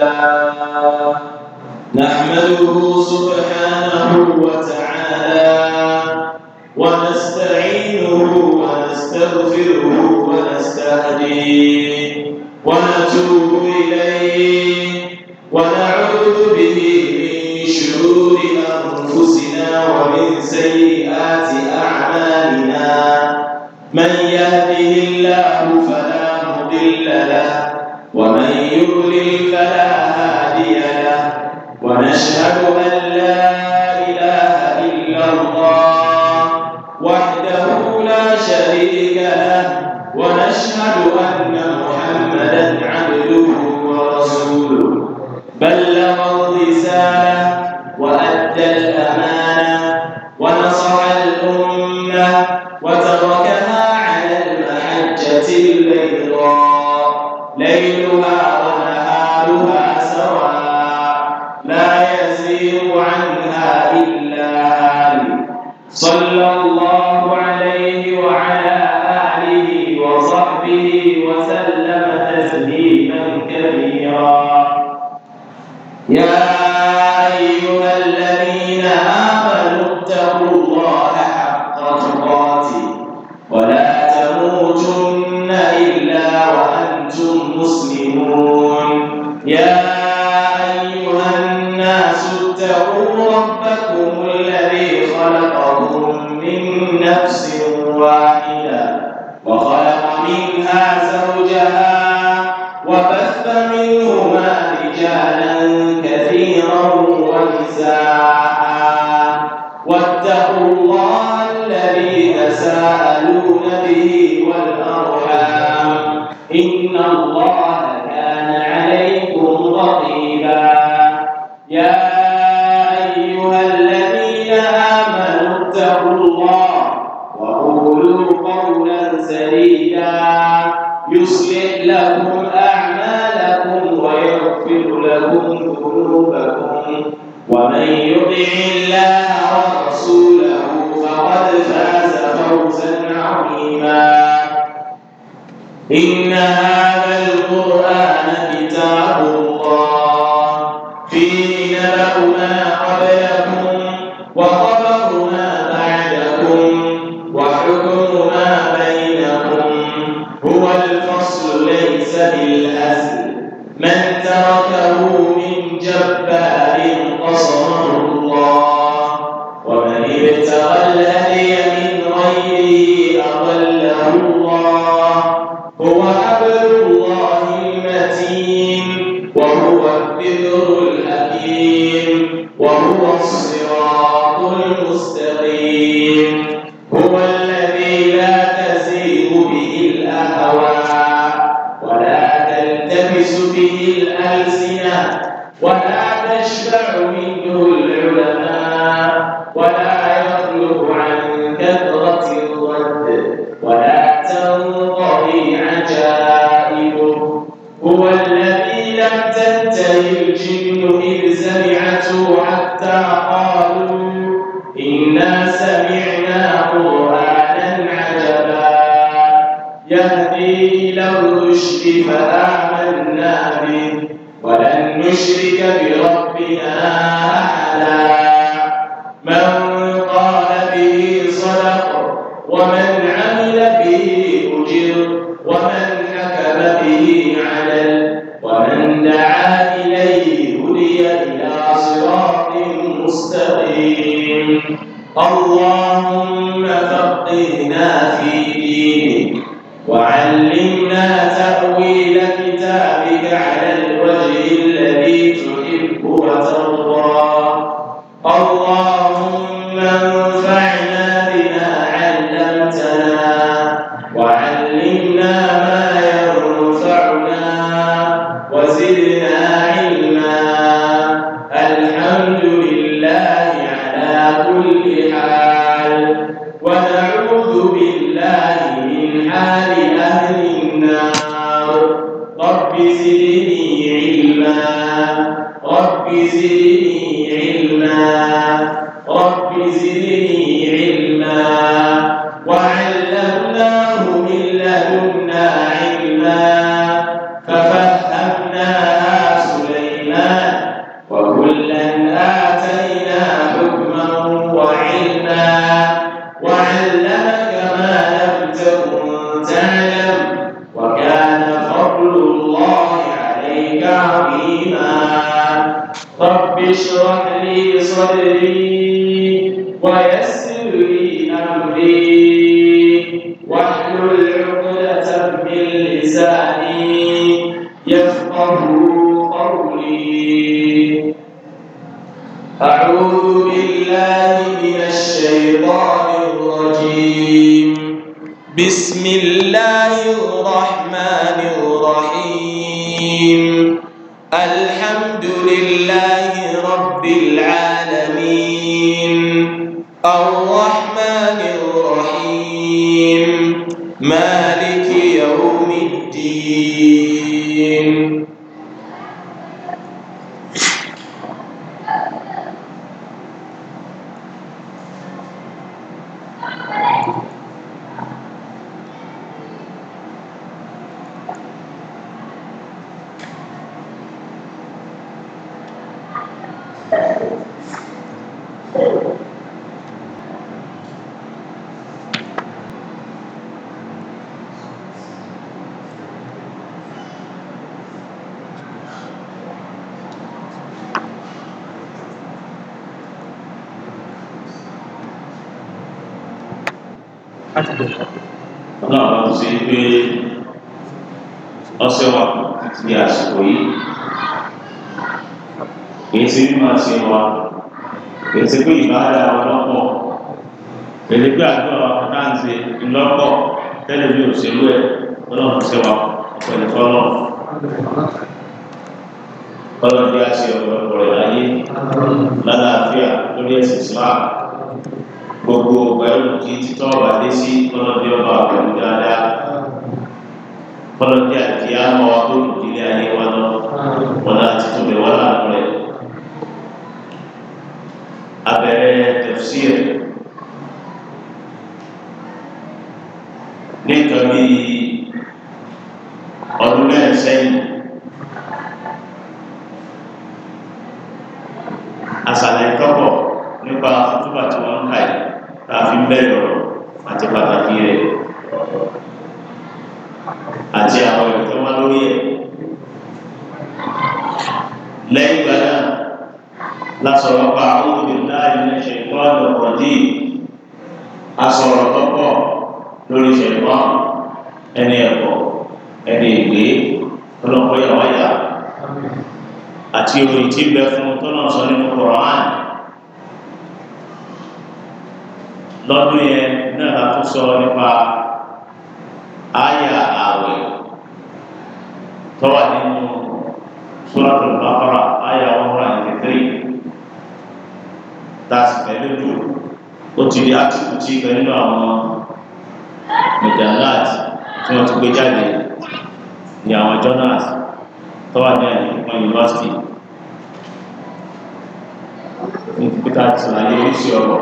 نحمده سبحانه وتعالى ونستعينه ونستغفره ونستهديه ونتوب إليه ونعوذ به من شرور أنفسنا ومن سيئات ọ̀sẹ̀ wa ti àsìkò yìí kìí ṣe mímọ àṣẹ wa kìí ṣe pé ìbára wa lọ́pọ̀ kìí gbé àdúrà wa náà ń ṣe ńlọ́pọ̀ tẹ́lẹ̀ bí òṣèlú ẹ̀ ọlọ́run ṣe wa ọ̀pẹ̀lẹ̀ fọlọ́ ọlọ́run bí a ṣe ọ̀pọ̀lọpọ̀ rẹ̀ láyé lálàáfíà lórí ẹ̀sìn Islam gbogbo ọgbà ẹ̀rù kí títọ́ ọba dé sí ọlọ́run bí ọba àpẹ̀lú dáadáa kọlọtí àti àmọ́ wa tó lù dílé ayé wa lọ wọn láti tó bẹ wọn lànà rẹ abẹ́rẹ́ tafsir ní nǹkan bíi ọdún mẹ́rin sẹ́yìn àṣàlẹ tọpọ nípa túbà wọn ń kà yìí tá a fi àti pàtàkì rẹ̀ àti àwọn ìtọ́ wa lórí ẹ̀. lẹ́yìn ìgbà náà lásọ̀rọ̀ pa àwọn òbílá ilé ṣẹ̀kọ́ lọ́pọ̀ dì asọ̀rọ̀ tọ́pọ̀ lórí ṣẹ̀kọ́ ẹni ẹ̀kọ́ ẹni ìgbé ọlọ́pọ̀ yàwá yà àti ìròyìn tí bẹ fún tọ́nà sọ nínú Kùránì lọ́dún yẹn náà la sọ nípa àyà àwẹ̀ tọ́wà nínú Suratul Baqara àyà ọ̀rọ̀ àyẹ̀kẹ́tẹ́rì tààsì pẹ̀lú jù ó ti di àtìkù tí pẹ̀lú àwọn mẹ̀dàláàtì tí wọ́n ti gbé jáde ní àwọn journals tọ́wà ní àyẹ̀kọ́ yunifásitì ní pípítà tí wọ́n ayé oríṣi ọ̀rọ̀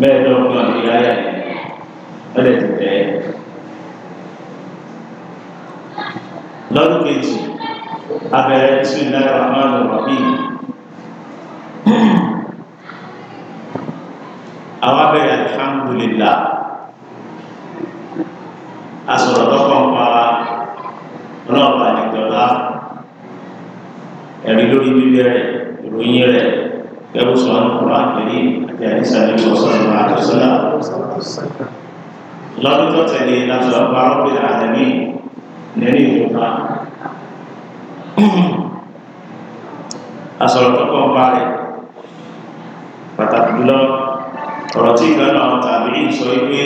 mẹ́ẹ̀ẹ́dọ́gbọ̀n ní ayà ẹ̀ ẹ̀ lọ́dún kejì abẹ̀rẹ̀ sí ìlànà rahman rahim àwọn abẹ̀rẹ̀ alhamdulillah asọ̀rọ̀ lọ́kàn pa ọlọ́ọ̀pá nìjọba ẹ̀rí lórí bíbẹ̀rẹ̀ ìròyìn rẹ̀ kẹ́rù sọ̀rọ̀ kúrọ̀ àkẹ́rí àti àdìsá ní ọ̀sán àdìsọ́lá lọ́dún tó tẹ̀lé láti ọba rọ́bì àdàmì nínú ìjọba asọ̀rọ̀ tó kọ́ ń bá rẹ̀ pàtàkì jùlọ ọ̀rọ̀ tí ìgbà náà tàbí sọ pé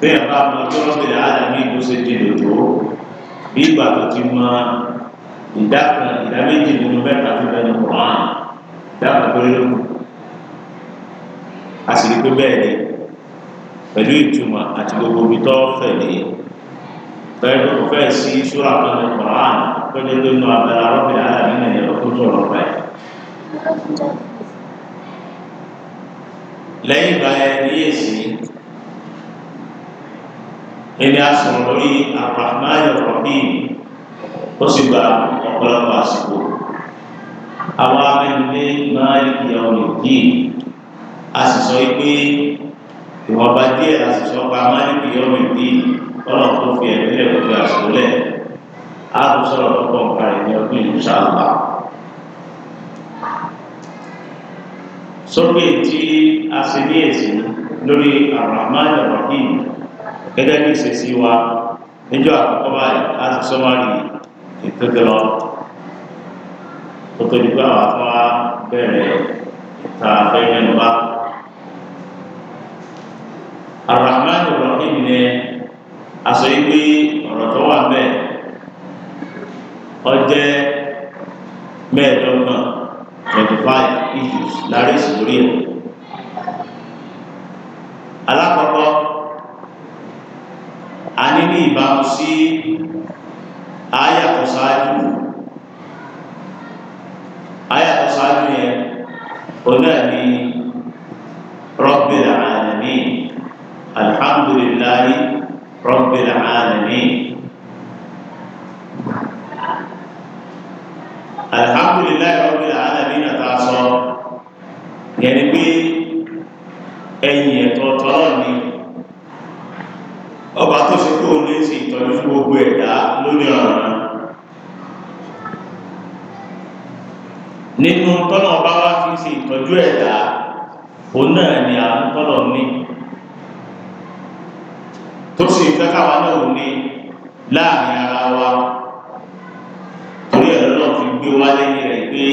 bẹ́ẹ̀ bá mọ tí wọ́n bẹ̀rẹ̀ ádámì ìlú ṣe dìde tó bí ìgbà tó ti mọ ìdá kan ìdá méjì nínú mẹ́ta tó bẹ̀ ní kùrán dáàbò pé lóko a sì rí pé bẹ́ẹ̀ ni pẹ̀lú ìtumọ̀ àti gbogbo omi tó fẹ̀ lé tọ́jú fẹ́ sí ṣúra kan ní kùrán tọ́jú tó ń lọ abẹ́rẹ́ arọ́bẹ̀ aláàbí náà yẹn lọ́kọ́ sọ̀rọ̀ báyìí. lẹ́yìn ìgbà yẹn ní èsì ẹni a sọ̀rọ̀ lórí Ar-Rahman Ar-Rahim ó sì gba ọ̀pọ̀lọpọ̀ àsìkò àwọn amẹ́nulé máa ń yẹ ọ̀rọ̀ yìí a sì sọ pé ìwọ̀nba díẹ̀ a sì pa máa ń yẹ ọ̀rọ̀ yìí ọlọ́run tó fi ẹ̀mí rẹ̀ kó fi àsìkò lẹ̀ a tún sọ̀rọ̀ tó pọ̀ nípa ẹ̀ ní ọdún yìí ṣáàlá. sókè tí a ṣe ní èsì lórí Ar-Rahman Ar-Rahim gẹ́gẹ́ bí ìṣesí wa níjọ́ àkọ́kọ́ báyìí a ti sọ́wárì ètò ìdọ́lọ́ tó tóbi pé àwọn afọ́ bẹ̀rẹ̀ ìta fẹ́rẹ́ nípa. Ar-Rahman ar ni a sọ yìí pé ọ̀rọ̀ tó wà bẹ́ẹ̀ ọjẹ́ mẹ́ẹ̀ẹ́dọ́gbọ̀n twenty five issues lárí ìsòrí ẹ̀. alákọ̀ọ́kọ́ a ní ní ìbámu sí ayàtọ̀ ṣáájú ayàtọ̀ ṣáájú yẹn onáà ní alhamdulilayi rabi alabi na ta sọ yẹni pé ẹ̀yìn ẹ̀tọ́ tọrọ ni ọba tó ṣe kó ní ṣe ìtọ́jú fún gbogbo ẹ̀dá lórí ọ̀ràn nínú tọ́nà ọba wa fi ṣe ìtọ́jú ẹ̀dá òun ni à ń tọ́nà tó sì fẹ́ káwa náà ní láàrin ara wa torí ẹ̀rọ fi gbé wálé ní pé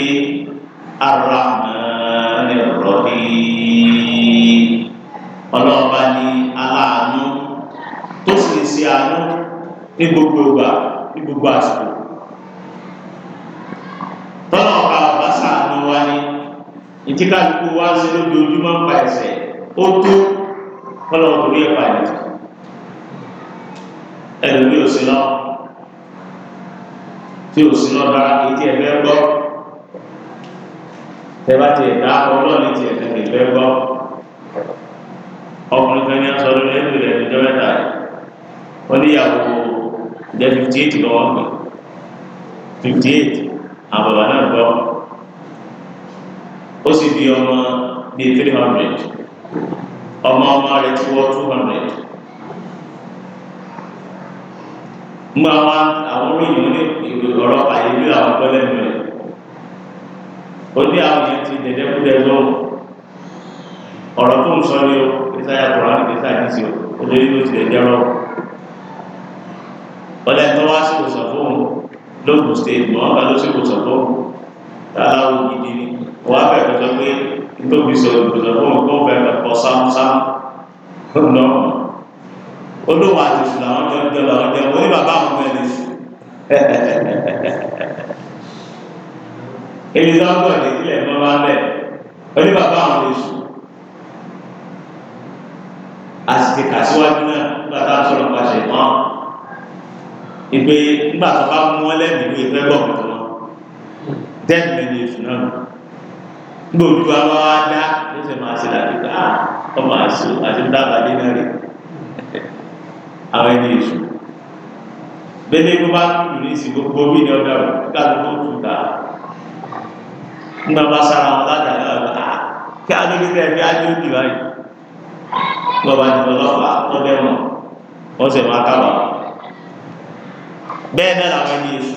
ara ní ọ̀rọ̀ ní ọlọ́ọ̀bá ní aláàánú tó sì ń ṣe àánú ní gbogbo ìgbà ní gbogbo àsìkò tọ́nà ọ̀ka ọ̀bá sàánú wa ní ìtìkàlùkù wa sí lójoojúmọ́ pa ẹ̀sẹ̀ ó tó kọ́lọ̀ òkúrí ẹ̀pà ẹ̀ ẹ̀rù ní òsínà tí òsínà dára kìí tí ẹ̀ fẹ́ gbọ́ tẹ́bá ti ẹ̀dá ọlọ́ọ̀ni ti ẹ̀dá ìfẹ́ gbọ́ ọkùnrin kan ní aṣọ lórí ẹ̀dùn rẹ̀ lọ́jọ́ mẹ́ta ó níyàwó jẹ́ fifty eight lọ́wọ́ pẹ̀ fifty eight àbàbà náà gbọ́ ó sì di ọmọ bíi three hundred ọmọ ọmọ rẹ̀ ti wọ́ two hundred mú àwọn àwọn orí ní ìlú ọ̀rọ̀ ìlú àwọn gbọ́lẹ́nu ó ní àwọn yẹn ti dẹ̀dẹ́kúdẹ́ lọ́wọ́ ọ̀rọ̀ tó ń sọ ní o kìsà yà kúrò àwọn kìsà yìí sí o ó lé nínú ti dẹ̀dẹ́ lọ́wọ́ ọ̀lẹ́ tó wá sí ìwòsàn fóun lóògùn state mọ́ ọ̀gá ló sí ìwòsàn fóun tààlà ó gidi ni wọ́n á bẹ̀rẹ̀ sọ pé nítorí sọ ìwòsàn fóun kó bẹ̀rẹ̀ kọ́ sámúsámú lọ́wọ́ olówó àti ìṣúná àwọn jọ ń jọ làwọn jẹ wọn ní bàbá àwọn bẹ́ẹ̀ ní èyí lọ́gbọ̀n ní ìpínlẹ̀ mọ́ bá bẹ̀ oní bàbá àwọn oṣù àsìkè kàṣíwájú náà nígbà tá a sọ̀rọ̀ pàṣẹ mọ́ ìgbé nígbà tó bá mú wọn lẹ́nu ìwé ìfẹ́ bọ̀ mọ́ lọ dẹ́nu mẹ́ni oṣù náà não àwọn wa dá ló sì máa ṣe dàbí ká ah, ọmọ àṣù àti dábàdé náà rè àwọn ẹni oṣù bẹ́ẹ̀ ni gbogbo àkùnrin sì gbogbo bí ni ọ̀dà rẹ̀ ká ló tó tù ká nígbà bá sára wọn ládàá yọ ọ̀gá kí adúlùfẹ́ bí adúlùdì báyìí lọ́ba ìdìbò lọ́pàá lọ́bẹ̀ mọ̀ wọ́n sì máa kábà bẹ́ẹ̀ náà làwọn ẹni èṣù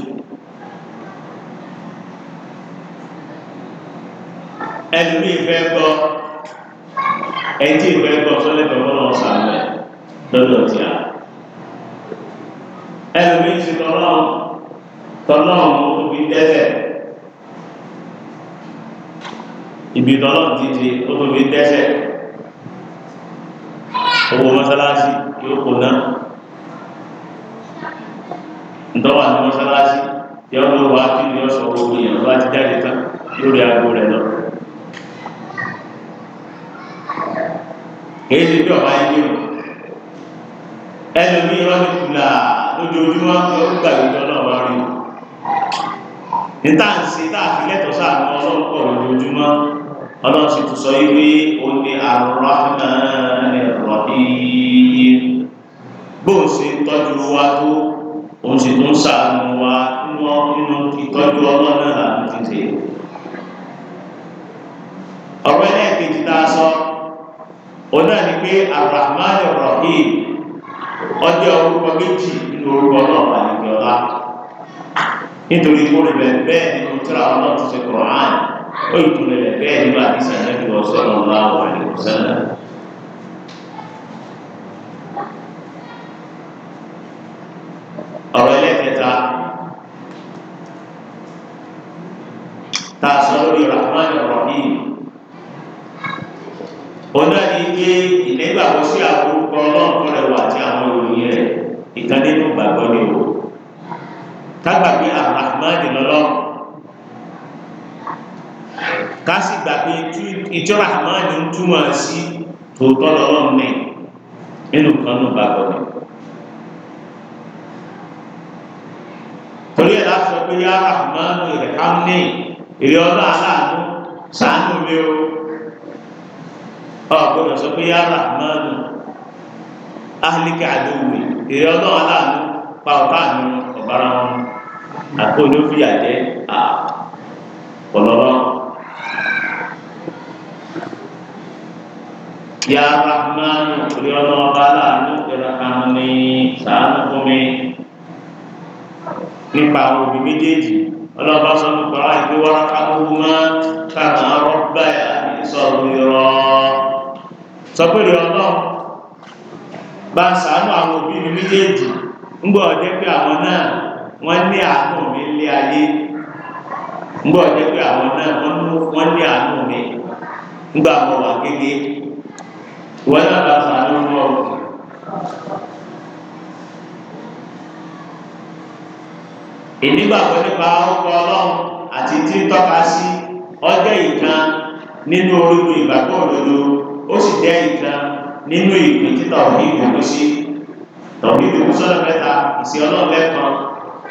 ẹlòmí ìfẹ́ gbọ́ ẹtí ìfẹ́ gbọ́ sọ́lẹ́tọ̀ fọlọ́ sàmẹ́ lọ́dọ̀ tí a ẹlòmí ti tọ́lọ́ tọ́lọ́ òbí dẹ́sẹ̀ ibi tọ́lọ́ títí ó tóbi dẹ́sẹ̀ owó mọ́sálásí yóò kó náà ntọ́wà ní mọ́sálásí tí ó lówó àti ní ọ̀sọ̀ owó yẹn ló bá ti jáde tán lórí aago rẹ̀ lọ. èyí ti bí ọ̀bá yẹn ní o ẹlòmíì wọn ti kùlà lójoojúmọ́ ló ń gbàgbé tọ́lọ́ wọn rí níta ń ṣe tá lẹ́tọ̀ọ́ sáà ní ọlọ́pọ̀ lójoojúmọ́ ọlọ́run sì tún sọ yí pé ó ní Ar-Rahman Ar-Rahim bóun ṣe ń tọ́jú wa tó òun sì tún ṣàánú wa nínú ìtọ́jú ọlọ́run náà làwọn ti tẹ̀. ọ̀rọ̀ ẹlẹ́ẹ̀kejì tá a sọ òun ni pé Ar-Rahman Ar-Rahim ọjọ́ orúkọ méjì nínú orúkọ náà wà nígbà ọlá nítorí kó rẹ̀ bẹ́ẹ̀ nínú tíra ọlọ́run ti ṣe Kùránì ó ìtumọ̀ rẹ̀ bẹ́ẹ̀ nínú àdìsá nẹ́bí ọ̀sọ́nà ọ̀làwọ̀ àdìsánà. ọ̀rọ̀ ẹlẹ́kẹta tá a sọ lórí rahman rahim ọ̀nà ni pé ìlẹ́gbàgbọ́ sí àkókò ọlọ́ọ̀kọ́ rẹ̀ wà àti àwọn ìròyìn rẹ̀ ìkànnì nínú gbàgbọ́ ni o tágbàgbé àràhàmánì lọ́lọ́run ká sì gbà pé ìjọra àmọ́ni ń túmọ̀ sí tòótọ́ lọ́rọ̀ ní nínú kan ní ìbàdàn ni. torí ẹ̀ láti sọ pé yá àmọ́ni rẹ̀ ká ní èrè ọlọ́ aláàánú sàánú mi o ọ̀gbọ́dọ̀ sọ pé yá àmọ́ni ahlika àdúgbò èrè ọlọ́ aláàánú pa ọ̀tá mi ọ̀bára wọn àpò ní ó Ya Rahman Riono Ọbala ní ìrọ̀kànú ní sàánú fún mi nípa àwọn òbí méjèèjì ọlọ́ba sọ nípa àìgbé wára káwọ́ mọ́ káàkiri ọ̀rọ̀ báyà sọ̀rọ̀ ìrọ̀ sọ pé ìrọ̀ náà bá sàánú àwọn òbí mi méjèèjì ń gbọ́ ọ̀jẹ́ pé àwọn náà wọ́n ní àánú mi lé ayé ń gbọ́ ọ̀jẹ́ pé àwọn náà wọ́n ní àánú mi ń gbà wọ́n wà gẹ́gẹ́ wọ́n náà bá sàánú fún ọ. ìdígbàgbọ́ nípa ọkọ̀ ọlọ́run àti tí ń tọ́ka sí ọjọ́ ìkan nínú orígun ìgbàgbọ́ òdodo ó sì jẹ́ ìkan nínú ìpín títà òní ìgbòho sí tọ̀bí ìgbòho sọ́dọ̀ mẹ́ta ìsìn ọlọ́run lẹ́kan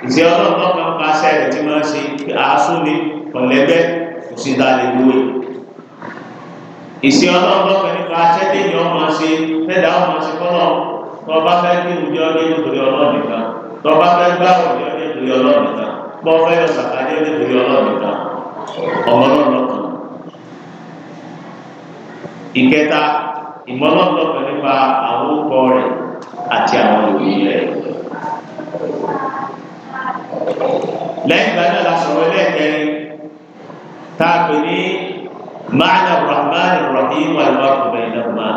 ìsìn ọlọ́run lọ́kan pàṣẹ rẹ̀ tí wọ́n ṣe àásùn ní kọ̀lẹ́gbẹ́ kò sí dalẹ̀ lóye ìsìn ọlọ́run lọ́kàn nípa aṣẹ́déyìn ọmọ ṣe fẹ́dà ọmọ ṣe kọ́nà tó bá fẹ́ kí ìwúdí ọdún nítorí ọlọ́run nìkan tó bá fẹ́ gbá òní ọdún nítorí ọlọ́run nìkan pọ́ fẹ́ yọ sàkádé nítorí ọlọ́run nìkan ọmọ náà lọ́kàn. ìkẹta ìmọ̀lọ́run lọ́kàn nípa àwọn orúkọ rẹ̀ àti àwọn ìròyìn rẹ̀. lẹ́yìn ìgbà náà la sọ̀rọ̀ ẹlẹ́ẹ̀kẹrin maana rahman rahim alimọ́kù bẹ́ẹ̀ lọ́gbà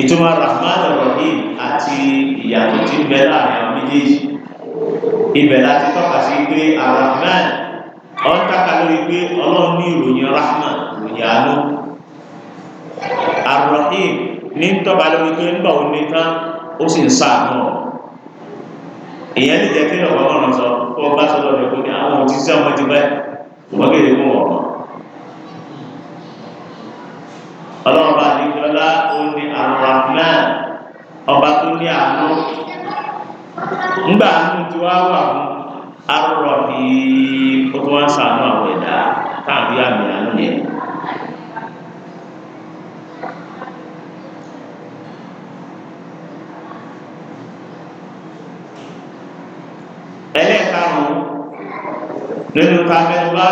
ìtumọ̀ rahman rahim àti ìyàtọ̀ tí ń bẹ láàrin àwọn méjèèjì ibẹ̀ láti tọ́ka sí pé arahman ọ̀n tàkà lórí pé ọlọ́run ní ìròyìn rahman ìròyìn àánú arahim ní tọ́ba lórí pé ń bọ̀ òní tán ó sì ń sáànù ọ̀ èyàn lè jẹ́ kí ọ̀pọ̀ ọ̀rọ̀ sọ kó o bá sọ lọ́dọ̀ pé àwọn òtítí ọmọ ti bẹ́ẹ̀ ṣùgbọ́n kéde fún ọ̀rọ̀. ọlọ́run bá ní kílọ́lá ó ní Ar-Rahman ọba tó ní àánú ńgbà àánú tí wàá wà fún arọ̀ ní ó tó wá ń àwọn ẹ̀dá káàbí àmì àánú yẹn. ẹlẹ́ẹ̀karùn-ún nínú kámẹ́rù bá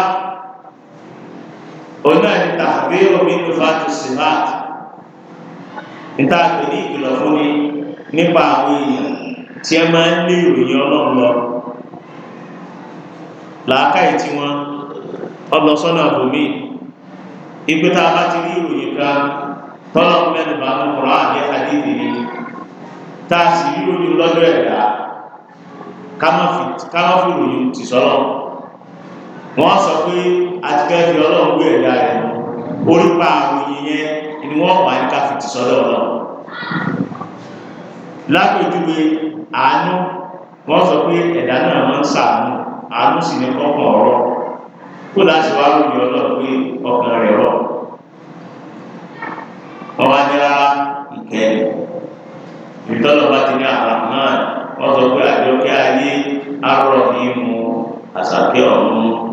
ọ̀nà ìtàgbé omi tó bá tó sì bá ìtàgbé ní ìkìlọ̀ fún ni nípa àwọn èèyàn tí ẹ máa ń lé ìròyìn ọlọ́run lọ làákàyè tí wọ́n ọlọ sọ́nà àbòmí ìgbé tá a bá ti rí ìròyìn kan tọ́lọ́ mẹ́nu bá ń kọ́ra àbí àdéhìí ni tá a sì rí ìròyìn wọ́n sọ pé àti fẹ́ fi ọlọ́run gbé ẹ̀dá rẹ̀ orípa àròyìn yẹn ni wọ́n wà ní káfí ti sọ́dọ̀ ọlọ́run lápèjúwe àánú wọ́n sọ pé ẹ̀dá náà máa ń sàánú àánú sì ní kọ́kàn ọ̀rọ̀ kó láti wá ròyìn ọlọ́run pé ọkàn rẹ̀ rọ̀ ọba ní rárá ìkẹyìn ìtọ́lọ́ba ti ní àràmán wọ́n sọ pé àjọkẹ́ ayé arọ̀ ìmú àsàkẹ́ ọ̀run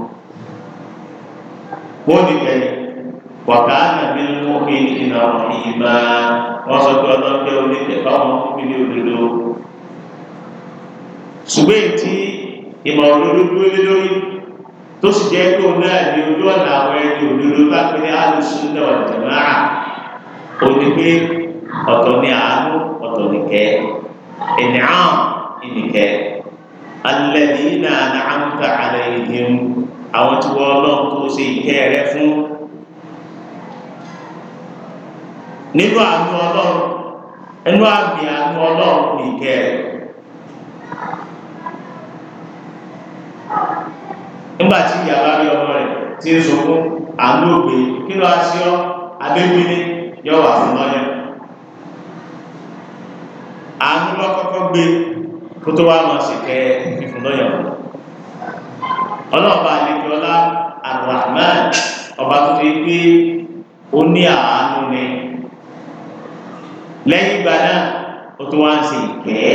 wọ́n ní kẹ́lẹ́ wàkàánà bí mú ìnà ìmá wọ́n sọ pé ọlọ́run jẹ́ oníkẹ́ báwọn kúkú ní òdodo. ṣùgbọ́n tí ìmọ̀ òdodo dúró lé lórí tó sì jẹ́ pé òun náà ní ojú ọ̀nà àwọn ẹni òdodo bá pé ní alùsùn náà jẹ̀máà ó ní pé ọ̀tọ̀ ní àánú ọ̀tọ̀ nìkẹ́ ìnìyàn ìnìkẹ́ alẹ́ ní ìnà àmúta àlẹ́ ìdíhùn àwọn tí wọ́n ọlọ́run kó ṣe ìkẹ́ rẹ fún nínú àánú ọlọ́run ẹnu àmì àánú ọlọ́run ní ìkẹ́ rẹ nígbà tí ìyá bá rí ọmọ rẹ tí ń sunkún àánú ògbé kí ló á sí ọ abébílé yọ fún lọ́yẹ̀ àánú lọ́kọ́kọ́ gbé kó tó wá mọ̀ sí kẹ́ fífún lọ́yẹ̀ wọn ọlọ́ọ̀bá àlejòọlá Ar-Rahman ọba tó fi pé ó ní àánú ni lẹ́yìn ìgbà náà ó tún wá ń ṣe ìkẹ́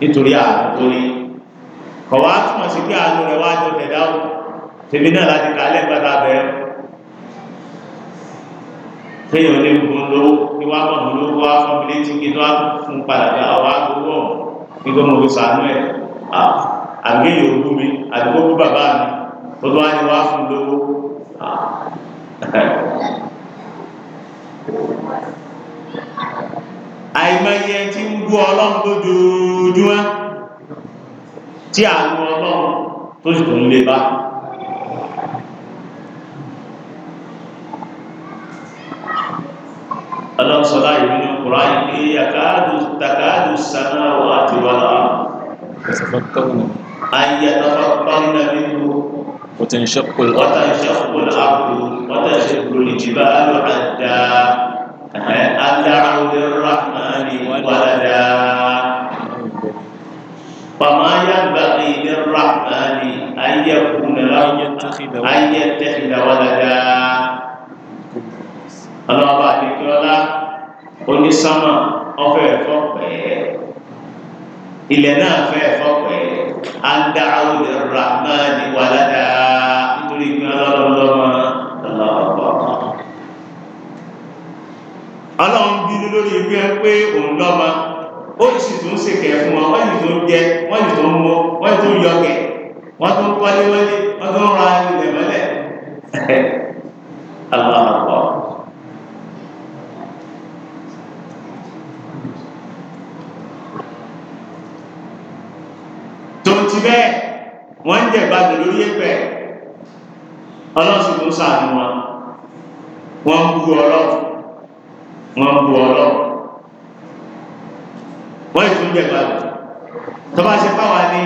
nítorí àánú tó ní kọ̀wá túmọ̀ sí pé àánú rẹ̀ wá jọ tẹ̀dá o tèmi náà láti kà á lẹ́gbàá tá a bẹ̀rẹ̀ téèyàn lè gun lówó kí wọ́n á mọ́ lówó wá fún mi létí kí wọ́n á fún padà bí àwọn àgbò wọ̀ nígbà mo fi sànú ẹ̀ ah àgbéyè olú mi àdúgbò kú bàbá mi ó tó wá ní wá fún lówó. àìmọye tí ń bú ọlọ́run lójoojúmọ́ tí àwọn ọlọ́run tó sì tó ń lé bá. ọlọ́run sọ láyé nínú kùráyìn pé àkáàdù tàkáàdù sanáwó àti wàlá. أن يتفطرن منه وتنشق الأرض وتنشق الأرض وتشق الجبال حتى أن دعوا للرحمن ولدا فما ينبغي للرحمن أن يكون له أن يتخذ ولدا الله بارك لنا onísánmà ọfẹ ẹfọ pẹẹ ilẹ̀ náà fẹ́ fọ́pẹ́ anda awolè rahman walada nítorí pé ọlọ́lọ́mọ ọlọ́ọ̀pọ̀. ọlọ́run bí lórí ibi ẹ pé òun lọ́mọ ó sì tún ṣèkẹ́ fún wọn wọ́n sì tún jẹ wọ́n sì tún mọ wọ́n sì tún yọkẹ̀ wọ́n tún kọ́lé wọlé wọ́n tún ra ilẹ̀ mọ́lẹ̀. sáàánú wa wọ́n ń bu ọlọ́ wọ́n ń bu ọlọ́ wọ́n yìí tún jẹ̀gbà tọ́ba ṣe fáwa ní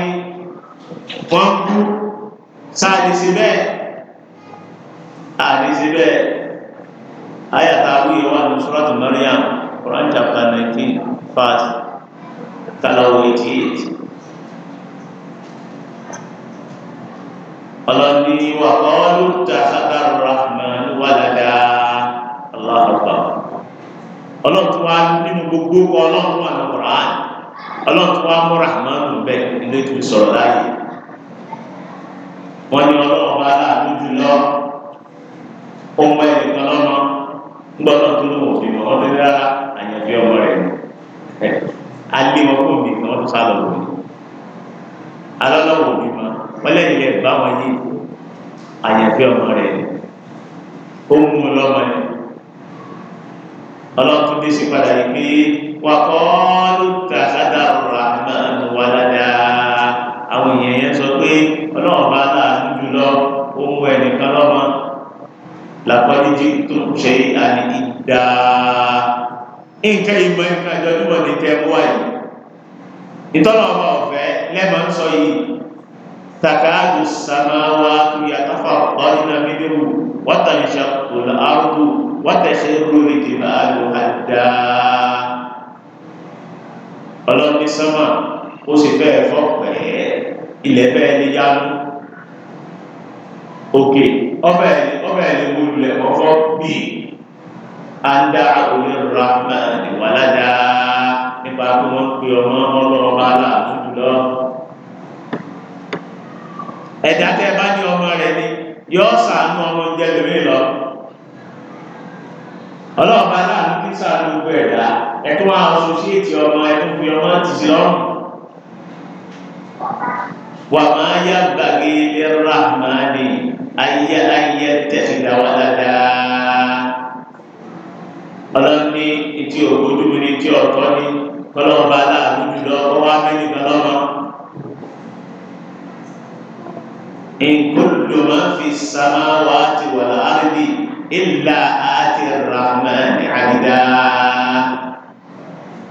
wọ́n ń bu sáàánú sí bẹ́ẹ̀ àní sí bẹ́ẹ̀ ayàtà wíyẹ wà ní Suratu Maryam Quran chapter nineteen verse kalawo eighty ọlọ́ni wà kọ́ọ́lù tàṣàtà rahman wàlàdà aláàbà ọlọ́run tó wá nínú gbogbo kọ ọlọ́run wà lọ́kọ̀ọ́ àná ọlọ́run tó wá mú rahman bẹ́ẹ̀ ilé tó sọ̀rọ̀ láàyè wọ́n ní ọlọ́run bá aláàánú jùlọ ọmọ ẹ̀ka lọ́nà ńgbọ́dọ̀ tó lọ́wọ́ fi mọ́ ọdún rárá àyànfẹ́ ọmọ rẹ̀ alé wọn fún mi kí wọ́n tó sá lọ́wọ́ alọ́lọ́wọ́ mi ọlẹ́yìn lè bá wọn yí àyànfẹ́ ọmọ rẹ̀ ni ó mú un lọ́mọ ni ọlọ́run tún dé sí padà yìí pé wakọ́ ló ta sádà ọ̀rọ̀ àmọ́ wà dáadáa àwọn èèyàn yẹn sọ pé ọlọ́run bá láàánú jùlọ ó mú ẹnìkan lọ́mọ làkọ́díjì tó ń ṣe àní ìdá nǹkan ìmọ̀ nǹkan ìjọ́júmọ̀ ní tẹ́ wáyé ìtọ́nà ọmọ ọ̀fẹ́ lẹ́mọ̀ ń sọ yìí. تكاد السماوات يتفطرن منه وتنشق الأرض وتخر الجبال هدا ọlọ́run ní sánmà ó sì fẹ́ẹ̀ fọ́ pẹ́ẹ́ ilẹ̀ bẹ́ẹ̀ ní yánú òkè ọbẹ̀ ọbẹ̀ ní wúlulẹ̀ ọfọ́ bíi andá onírúurú rahman wàládàá nípa pé wọ́n pe ọmọ ọlọ́ọ̀bá aláàtúndùlọ́ọ̀ ẹ̀dá tẹ́ bá ní ọmọ rẹ̀ ni yọ́ sàánú ọmọ oúnjẹ lórí lọ ọlọ́ọ̀bá láàánú kí sàánú gbogbo ẹ̀dá ẹ̀tún wa asosiéètì ọmọ ẹ̀tún fi ọmọ ti sí ọrùn wà máa yá gbàgé rahmani ayé ayé tẹ̀síndà wà dáadáa ọlọ́ni etí ògbódúmi ni etí ọ̀tọ́ ni kọ́lọ́ọ̀bá láàánú jùlọ ọwọ́ abẹ́ni kan إن كل ما في السماوات والأرض إلا آتي الرحمن عبدا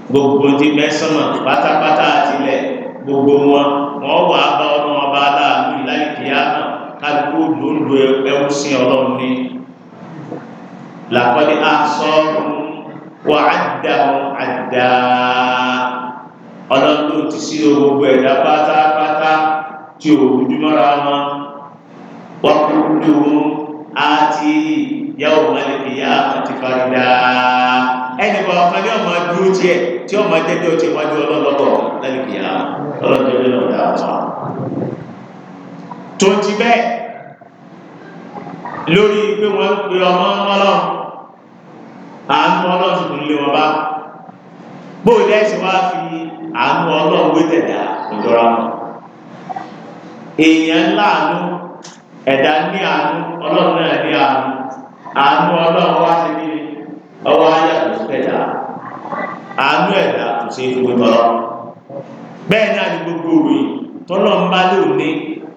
gbogbo ti mẹsànán pátápátá àtìlẹ gbogbo wọn wọn wà á bá ọmọ ọba aláàánú ìlàlìkìyà náà kálukú lòlù ẹwù sí Ọlọ́run ni làkọlé asọrùn wà á dáhùn àdá Ọlọ́run ló ti sí gbogbo ẹ̀dá pátápátá tí òòrùn wọn wàkúndùn àti yàwó malẹ̀kìyà àti farida ẹnì kan ọ̀kan ní ọmọ dúró tiẹ̀ tí ọmọ jẹ́jọ́ tiẹ̀ wájú ọlọ́lọ́tọ̀ lálẹ́kìyà ọlọ́jọ́ nínú ọ̀dà àwọn. tó ti bẹ́ẹ̀ lórí pé wọ́n ń pe ọmọ ọlọ́run àánú ọlọ́run sì tẹ̀dá ìjọra wọn èèyàn ńlá àánú ẹ̀dá ní àánú ọlọ́run náà ní àánú àánú ọlọ́run wá sí ní ọwọ́ ayàtọ̀ sí ẹ̀dá àánú ẹ̀dá kò sí ìfowó tọ́lọ́ bẹ́ẹ̀ náà ni gbogbo òròyìn tọ́lọ́ ń bá lò ní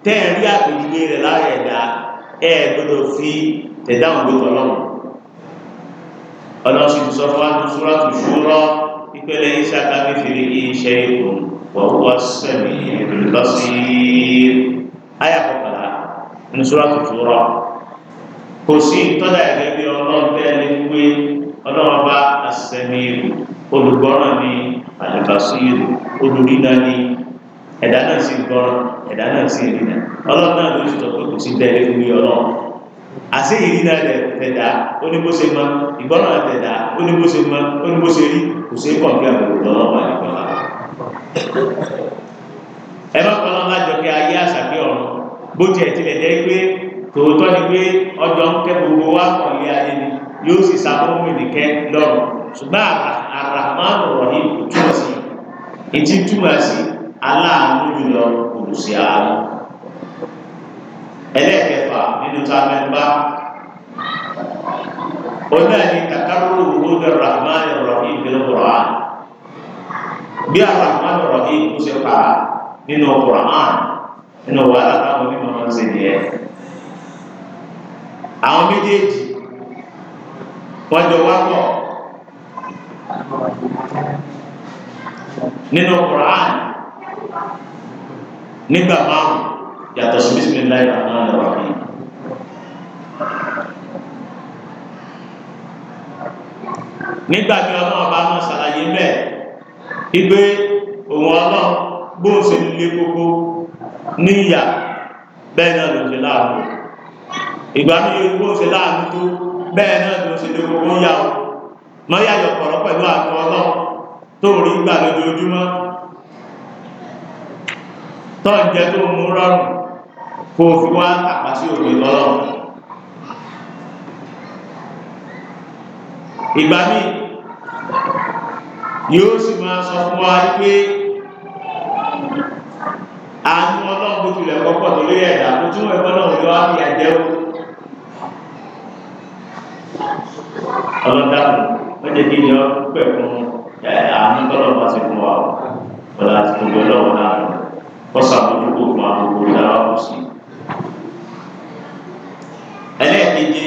tẹ́ẹ̀rí àpèjúwe rẹ̀ lára ẹ̀dá ẹ̀ gbọ́dọ̀ fi tẹ̀dá òǹgbò tọ́lọ́run ọlọ́sìn sọ fún àdúsúrà tó ṣúrọ́ ìpele iṣẹ́ akábífìrí iṣẹ́ ìkùn wọ́n wọ́n sẹ́mi ìrìnlọ́sí ayàkọ̀kọ̀lá ní sọ́ràtù Ṣúrà kò sí tọ́jà ẹ̀gẹ́ bí ọlọ́run tẹ́lẹ̀ wé ọlọ́run bá àṣẹmíìrù olùgbọ́ràn ní àlùbáṣírù olùrìnà ní ẹ̀dá náà sì gbọ́ràn ẹ̀dá náà sì rìnà ọlọ́run náà ló sọ pé kò sí tẹ́lẹ̀ wé ọlọ́run àṣẹ ìrìnà rẹ̀ tẹ̀dá ó ní bó ṣe mọ ìgbọ́ràn tẹ̀dá ó ní bó ṣe mọ ó ní bó ṣe rí kò sí kọ̀ọ̀kí àbẹ̀wò lọ́wọ́ bó tiẹ̀ tilẹ̀ jẹ́ pé tòótọ́ ni pé ọjọ́ ń kẹ́ gbogbo wa pọ̀ lé ayé ni yóò sì sàkóńgbè nìkẹ́ lọ́rùn ṣùgbọ́n àràmánù rọ̀hìn kò túmọ̀ sí etí túmọ̀ sí aláàánú jùlọ olùsí àánú. ẹlẹ́ẹ̀kẹfà nínú tábẹ́ńbá onáni takarúrú wúlò ràhmánù rọ̀hìn nínú kùrán bí àràmánù rọ̀hìn kò ṣe pa nínú kùrán nínú wàhálà táwọn onímọ̀ máa ń ṣe nìyẹn àwọn méjèèjì wọ́n jọ wá pọ̀ nínú Quran nígbà márùn yàtọ̀ sí bisimilayi rahman rahim nígbà tí ọlọ́run bá máa ṣàlàyé bẹ́ẹ̀ ìgbé òun ọlọ́run gbóòsè nílé gbogbo níyà bẹ́ẹ̀ náà ló ń ṣe láàánú ìgbà mi yóò gbó ṣe láàánú tó bẹ́ẹ̀ náà ló ń ṣe lé gbogbo yà ó mọ́yà yọ̀pọ̀rọ̀ pẹ̀lú àtọ́ ọlọ́ tó rí gbà lójoojúmọ́ tó ń jẹ tó mú rọrùn kó fi wá tàpá sí òfin lọ́lọ́ ìgbà mi yóò sì máa sọ fún wa pé àánú ọlọ́run bó tilẹ̀ kọ́kọ́ tó lórí ẹ̀dá kó tún ẹ̀kọ́ náà yọ á fi àjẹ́ o. ọlọ́dà wọ́n jẹ́ kí ni ọ pẹ̀ fún àánú tọ́lọ̀ bá ti fún wa o ọ̀la àti gbogbo ọlọ́run náà lọ kó sàmójúkò fún àgbogbo ìdára kò sí. ẹlẹ́ẹ̀kejì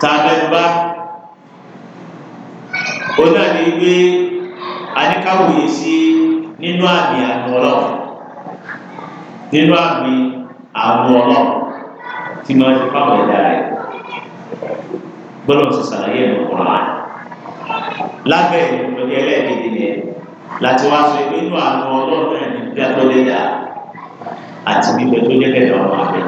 tàbẹ́nubá ó náà ní gbé aníkàwòye sí nínú àmì àná ọlọ́run nínú àmì àwọn ọlọ́run tí máa ń fi fáwọn ẹ̀dá rẹ̀ gbọ́dọ̀ sì ṣàlàyé ẹ̀rọ kọ́ra rẹ̀ lábẹ́ ìmọ̀lẹ́ ẹlẹ́ẹ̀kejì yẹn láti wá sọ pé inú àwọn ọlọ́run náà ní bí atọ́lẹ́dà àti bíbẹ tó jẹ́ kẹ́kẹ́ ọmọ abẹ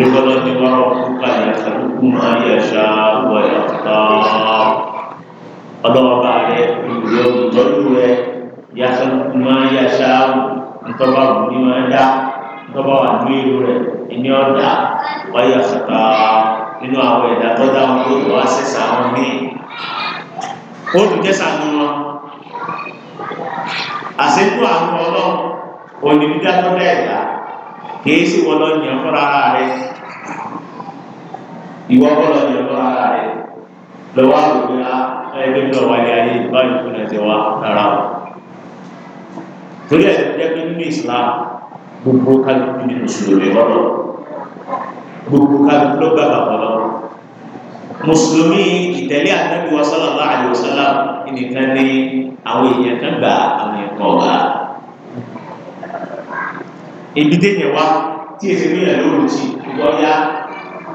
rẹ́gbọ́dọ̀ ní wọ́n rọ̀ púpà yà kàlùkù máa yà ṣá wọ̀ ẹ̀ ọ̀tọ̀ ọlọ́ọ̀bà rẹ ìwé olùtọ́jú rẹ yà kàlùkù máa yà ṣá ntọ́ba òní máa dá tọ́ba wà ní irú rẹ̀ ìní ọ̀dà wáyà fúta nínú àwọn ẹ̀dá tó dáhùn tó tó wá sẹ́sà àwọn míì ó tún jẹ́sà ní wọn àṣekú àwọn ọlọ́run onídídá tó dá ẹ̀dá kìí sì wọ́n lọ yàn fún ara rẹ̀ ìwọ́ kọ́ lọ yàn fún ara rẹ̀ lọ́wọ́ àgbègbè ẹgbẹ́ mi lọ́wọ́ ayé ayé báyìí fún ẹ̀sẹ̀ wa rárá o torí ẹ̀sẹ̀ jẹ́ pé nínú ìsìlámù gbogbo kálukú ní mùsùlùmí lọ́nà gbogbo kálukú ló gbà bàbá lọ́nà mùsùlùmí ìtẹ̀lé ànábì wa sallallahu alaihi wasallam nìkan ní àwọn èèyàn kan gbà àwọn èèyàn kan wà. ibi téèyàn wá tí èsì ní ìyàlẹ́ olùtì ìgbọ́yá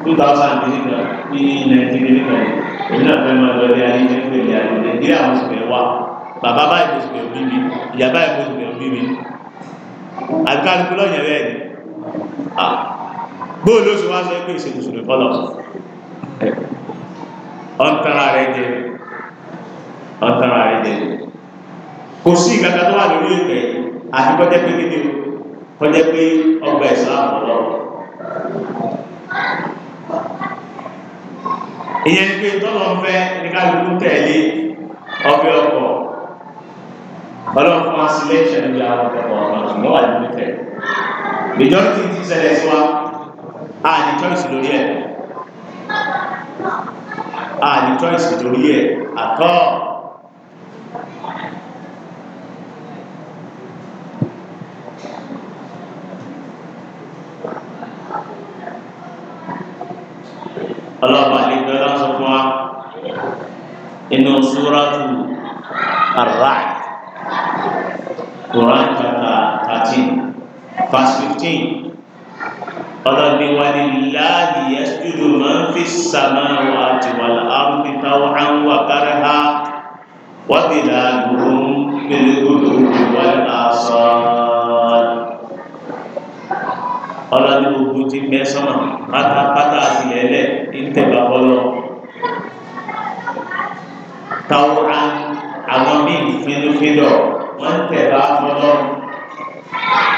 two thousand nìkan ní nàìjíríà nìkan èmi náà fẹ́ máa lọ ní ayé ní ìpínlẹ̀ àti nàìjíríà mùsùlùmí wà bàbá báyìí mùsùlùmí bí mi ìyá báyìí mùsùlùmí bí mi àgbàlùkù lọ́yìn rẹ̀ ni bóò ló ṣe wá sọ pé ìṣe mùsùlùmí fọlọ ọ̀ntara rẹ̀ jẹ ọ̀ntara rẹ̀ jẹ kò sí ìgbàgbà tó wà lórí ìgbẹ́ àti kọjá pé kíni kọjá pé ọgbà ẹ̀sán àbọ̀lọ́ ìyẹn ni pé tọ́lọ̀ ń fẹ́ ní kálukú tẹ̀lé ọbẹ̀ ọkọ̀ ọlọ́run fún wa selection ní àwọn ọ̀pọ̀ ọ̀rọ̀ ṣùgbọ́n wà nínú tẹ̀ majority ti ṣẹlẹ̀ sí wa a ní choice lórí ẹ̀ a ní choice lórí ẹ̀ àtọ́ ọlọ́pàá ní pẹ́lú ọ̀sán fún wa inú súrọ́tù àrùráì Quran chapter thirteen verse fifteen ọlọ́ni wà ní láàdì yẹ́sùdù máa ń fi sàmà wà àti wà láàrúbí táwọn àwọn àkàrà ha wà bí láàrú pẹ̀lú gbogbo wà lásọ. ọlọ́ni gbogbo ti gbẹ sọ́mà pátápátá àti lẹ́lẹ̀ ń tẹ̀gbà táwọn àwọn míì fínúfíndọ̀ wọ́n ń tẹ̀lá fọlọ́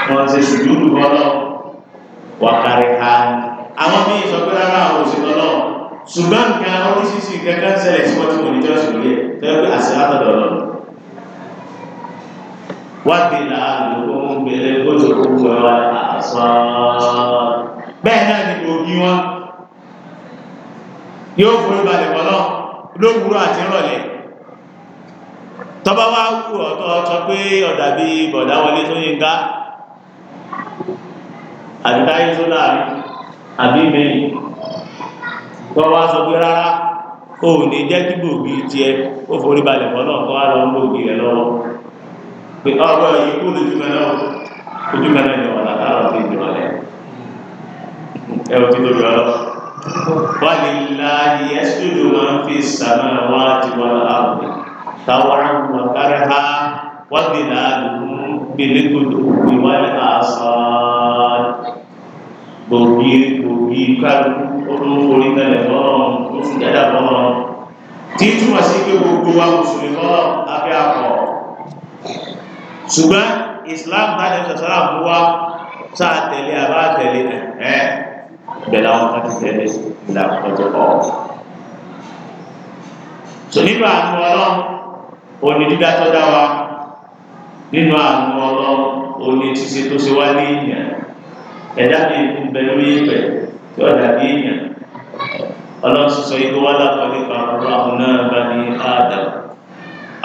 wọ́n ṣe sùdúrù fọlọ́ wàkàrí ha àwọn míì sọ pé rárá àwọn òṣèlú náà ṣùgbọ́n nǹkan oríṣiríṣi kankan ṣẹlẹ̀ tí wọ́n ti wọ̀nyí jọ́ sùn lé tẹ́lẹ̀ pé àṣírá tọ̀dọ̀ lọ. wádìí là á lò ó ń gbogbo ẹwà àṣán bẹ́ẹ̀ náà ni gbòógì wọn yóò forí balẹ̀ kọ́ náà lówùúrọ̀ àti ìrọ̀lẹ́ tọba wá wù ọ̀tọ̀ ọ̀tọ̀ pé ọ̀dà bí bọ̀dá wọlé tó yín ká àdìdáyé tó láàrin àbí mẹ́rin tọba sọ pé rárá o ò ní jẹ́ kí gbòógì tiẹ̀ ó forí balẹ̀ fọ́ náà kọ́ á lọ ń gbòógì rẹ̀ lọ́wọ́ pé ọgbọ́n yìí kú lójú mẹ́rin ojú mẹ́rin ni ọ̀nà jọ lẹ̀ ẹ ò ti طوعا وكرها وظلالهم بالقلوب والآصال gbòógì gbòógì kálukú olóńgbòrí tẹ́lẹ̀ bọrọ ó ti dẹdà bọrọ tí túmọ̀ sí pé gbogbo wa mùsùlùmí bọrọ abẹ́ akọ ṣùgbọ́n islam tàbí sọ̀sọ́rọ̀ àbúwá sáà tẹ̀lé àbá tẹ̀lé ẹ̀ bẹ̀rẹ̀ àwọn kan ti tẹ̀lé ìlànà ọjọ́ ọ̀ sọ nígbà àti ọlọ́run òní dídá tó dá wa nínú àánú ọlọ́run òní ṣíṣe tó ṣe wá ní èèyàn ẹ̀dá mi ń bẹ lórí ìpẹ́ tí ọ̀dà bí èèyàn ọlọ́run sísọ yìí tó wá lápọ̀ nípa ọ̀rọ̀ àwọn náà bá ní Adam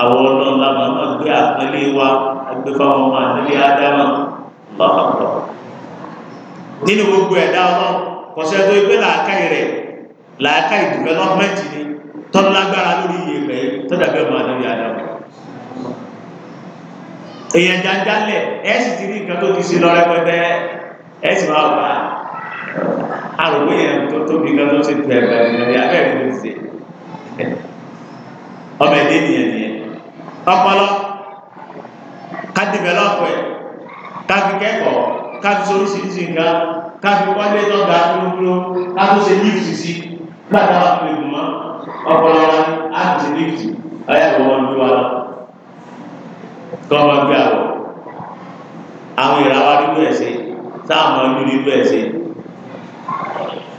àwọn ọlọ́run làwọn máa gbé àpẹẹlẹ wa agbé fáwọn ọmọ àtẹlẹ Adam lọ́pọ̀ nínú gbogbo ẹ̀dá ọlọ́run kọ̀ṣẹ́ tó gbé làákàyè rẹ̀ làákàyè development ni tọ́lágbára lórí iye tọ́jà bẹ́ẹ̀ máa lórí Adam èèyàn jàǹjàǹlẹ̀ ẹ sì ti rí nǹkan tó ti ṣe lọ rẹpẹtẹ ẹ máa wà àròwé yẹn tó tóbi nǹkan tó ṣe tu ẹ̀gbẹ́ ìrìnàjò abẹ́rẹ́ ló ṣe ọmọ ẹ̀dẹ́ nìyẹn nìyẹn ọpọlọ ká dìbẹ́lọ́pù ẹ̀ ká fi kẹ́kọ̀ọ́ ká fi sóríṣiríṣi nǹkan ká fi wọlé lọ́gà kúrúkúrú ká tó ṣe lift sí gbàdá wà pé ìgbìmọ̀ ọpọlọ wa á ti ṣe lift kọ́ ọmọ gbé àwọ̀ àwọn ìràwọ̀ nínú ẹ̀ ṣe táwọn ọmọ nínú ẹ̀ ṣe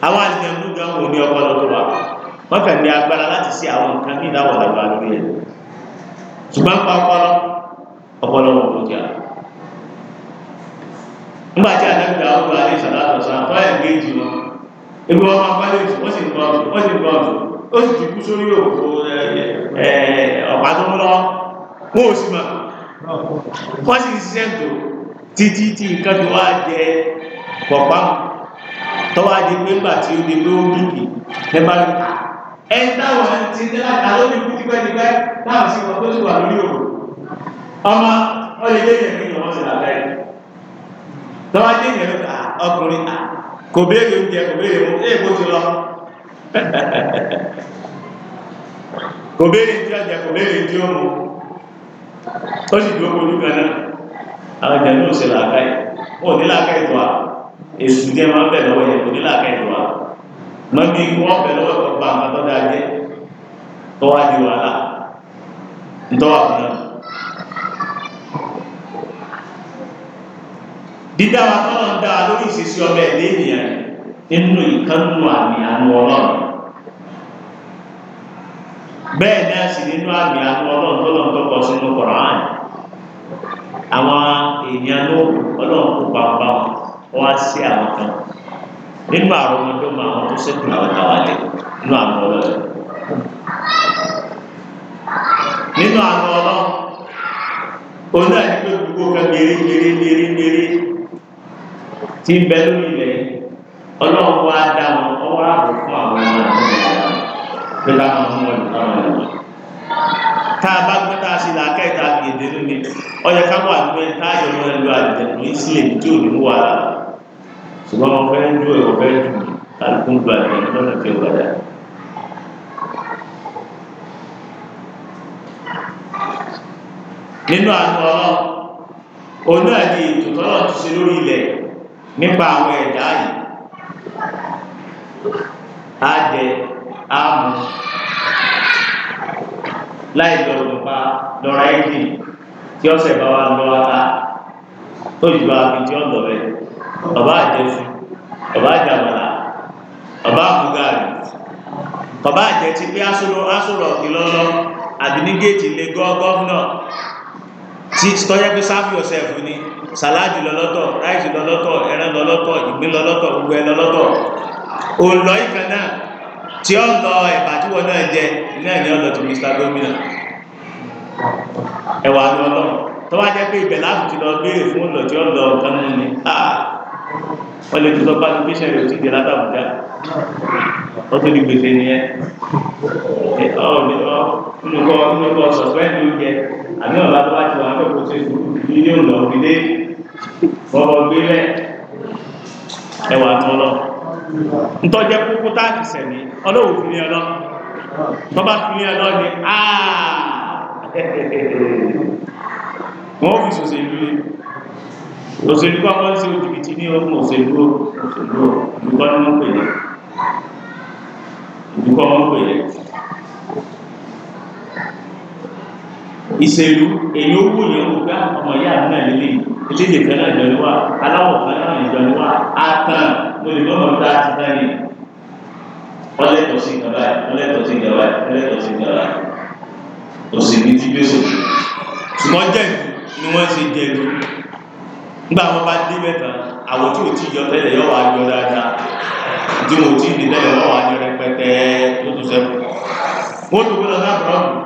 àwọn àtìyàn ń dúdú àwọn òní ọpọlọ tó wà wọn kàn ní agbára láti ṣe àwọn nǹkan ní ìdáwọ̀ làgbà lórí ẹ̀ ṣùgbọ́n pa ọpọlọ ọpọlọ wọn kò jà nígbà tí àdàgbà àwọn ọmọ alẹ́ ìṣàlá àtọ̀sán tó ẹ̀ ń gé jù wọn ebi wọn máa bá lẹ́yìn wọ́n sì ń gbọ́n wọ́n sì ń gbọ́n ó sì ti kú sórí òkú ọ̀pá tó ń lọ wọn ò sì máa wọ́n sì ṣiṣẹ́ tó títí tí nǹkan tó wá jẹ pọ̀pá tọ́wọ́ adé pé ńgbà tí ó lè lówó bìkì ẹ bá ẹ táwọn ti dẹ́lá ta ló ní tipẹ́tipẹ́ táwọn sì wọ́n tó sì wà lórí òkú ọmọ wọ́n lè léyìn ẹ̀mí ìyọ̀wọ́ sí làbẹ́ yìí tọ́wọ́ adé yẹn ló ta ọkùnrin ta kò béèrè oúnjẹ kò kò béèrè tí mú ó sì dúró kojú kan náà àwọn ìjà náà ṣe làákà yìí wọn ò ní làákà yìí tó a èsù jẹ máa ń bẹ lọ́wọ́ yẹn kò ní làákà yìí tó a bí wọn bẹ lọ́wọ́ tó gba àwọn tó dáa jẹ di wàhálà ntọ́ wà fún náà. dídá wa tọ́lọ̀ ń dá lórí ìṣesí ọmọ ẹ̀ ènìyàn nínú ìkànnù àmì àwọn ọlọ́run bẹ́ẹ̀ náà sì nínú àmì àwọn ọlọ́run tó lọ́n tó kọ sínú Kùránì àwọn èèyàn ló ọlọ́run kó pàápàá wọn wá sí àwọn kan nínú àrùn ọmọdé mọ àwọn tó ṣètò àwọn táwọn lè nínú àmì ọlọ́run nínú àmì ọlọ́run òun náà ní pé gbogbo kan kéré kéré kéré kéré tí ń bẹ lórí ilẹ̀ ọlọ́run wá dá wọn ọwọ́ àbò àwọn pé táwọn ọmọ wọn lù káwọn ọmọ tá a bá gbé tá a ṣe làákà ìta gèdè lómi ọjà káwọn àgbẹ̀ táyọ̀ mọ́ ẹlú àdìdẹ̀kùn ìsìlẹ̀ tí ò ní wà á ṣùgbọ́n wọn fẹ́ ju ẹ̀ wọ́n fẹ́ ju àdìkún gba ẹ̀ lọ́nà tí ó nínú àánú ọlọ́run onú ẹ̀dí ètò tọ́lọ̀ ṣe lórí ilẹ̀ nípa àwọn ẹ̀dá yìí á jẹ àmọ́ láì lọ nípa lọ́ra ẹ́jì tí ọ̀sẹ̀ bá wà lọ́wọ́ ta tó ju àfi tí ọ̀dọ̀ rẹ̀ ọba àjẹsí ọba àjàmọ̀lá ọba àbúgàrí ọba àjẹsí pé asọ̀rọ̀ òkè lọ́lọ́ àbí ní géètì ilé gọ́ọ̀gọ́fúnà tí tọ́jẹ́ pé sáfì ọ̀sẹ̀ fún ni sàláàdì lọ́lọ́tọ̀ ráìsì lọ́lọ́tọ̀ ẹran lọ́lọ́tọ̀ ìgbín lọ́lọ́tọ̀ gbogbo ẹ lọ́lọ́tọ̀ òǹlọ́ ìkan náà tí ó lọ ẹ̀bà tí wọ́n náà jẹ náà ni ó lọ ti Mr. Gómìnà ẹ̀wà ni ọlọ́run tó wá jẹ́ pé ibẹ̀ láti ti lọ béèrè fún ọ̀nà tí ó lọ ọ̀kan mú ni ah! wọ́n lè tún sọ pé alùpùpù rẹ̀ ò ti dé látàbùdá wọ́n tó ní gbèsè nìyẹn nínú kọ́ sọ̀tẹ́ẹ̀lì oúnjẹ àmì ọ̀la tó bá ti wà lọ́pọ̀ tó ti mílíọ̀nù lọ́ọ́ fi ntọ́jẹ́ kókó tá a ti sẹ̀mí ọlọ́wọ́ fi ní ọlọ́ bọ́bá fi ní ọlọ́ ni wọ́n fi ṣòṣèlú ni òṣèlú kọ́ wọ́n sí òjìbìtì ní ọmọ òṣèlú òṣèlú ìdúkọ́ ni wọ́n pè é ìṣèlú èyí ó wù yẹn kó gbá ọmọ ìyá mi náà nílé eléyìí kan náà ìjọba wa aláwọ̀ kan náà ìjọba wa àtàn mo lè gbọ́dọ̀ dá ti dá ní. wọ́n lẹ́tọ̀ọ́ sí ìjọba yìí wọ́n lẹ́tọ̀ọ́ sí ìjọba yìí wọ́n lẹ́tọ̀ọ́ sí ìjọba yìí òsì ní ti gbèsè. ṣùgbọ́n jẹ́ ni wọ́n ṣe jẹ́ lu nígbà wọn bá dé mẹ́ta àwọn tí ò tí yọ tẹ́lẹ̀ yọ wà yọ dáadáa tí mo tí ì tẹ́lẹ̀ yọ wà yọ rẹpẹtẹ tó sẹ́kù. wọ́n tún gbọ́dọ̀ láàbùrọ̀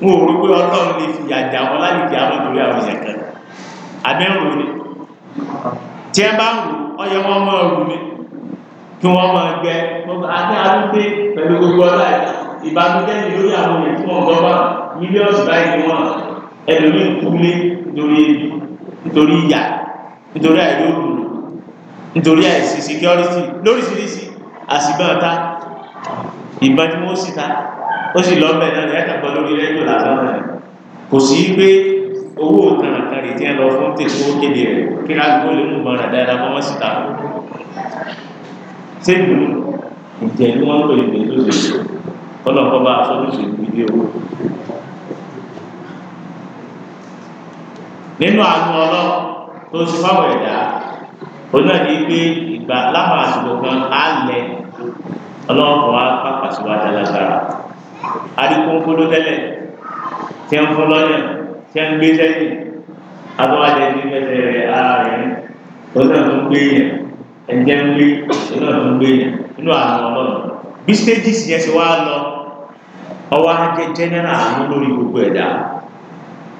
mo rò pé ọlọ́run lè fi àjà wọn láyé kí àwọn ìdórí àwọn èèyàn kan abẹ́rù ni tí ẹ bá ń rò ọyẹ wọn mọ ọrùn mi kí wọn máa gbẹ adé arúgbé pẹ̀lú gbogbo ọlá ìbànújẹ́ ni lórí àwọn èèyàn tí wọn gbọ́ bá mílíọ̀nù báyìí ni wọn ẹlòmíì kúlé nítorí nítorí ìyà nítorí àìlóògùn nítorí àìsí security lóríṣiríṣi àṣìbọn ta ìbọn tí wọn sì ta ó sì lọ́bẹ̀ náà ní ẹ̀ka pẹ̀lú orí rédíò lásán náà kò sí pé owó kàràkàrì tí ẹ lọ fún tètè owó kéde rẹ̀ kí láti kó lè mú bọ́ọ̀rọ̀ dáadáa kọ́ wọ́n sì ta sẹ́yìn ìjẹ́ ni wọ́n ń pè ní lóṣèlú kọ́lọ́kọ́ bá aṣọ lóṣèlú ilé owó. nínú àánú ọlọ́ tó ti fáwọn ẹ̀dá òun náà ní pé ìgbà láwọn àsìkò kan á lẹ ọlọ́wọ́ kan á pàpàṣíwájú adikónkóló tẹ́lẹ̀ tí ń fọ́ lọ́yàn tí ń gbé sẹ́yìn abọ́wájẹ ní fẹsẹ̀ rẹ̀ ara rẹ̀ ní oní ọ̀tún ń gbé yẹn ẹ̀jẹ̀ ń gbé oní ọ̀tún ń gbé yẹn inú àwọn ọlọ́run bí stages yẹn ti wá lọ ọwọ́ ajẹ́ general àwọn lórí gbogbo ẹ̀dá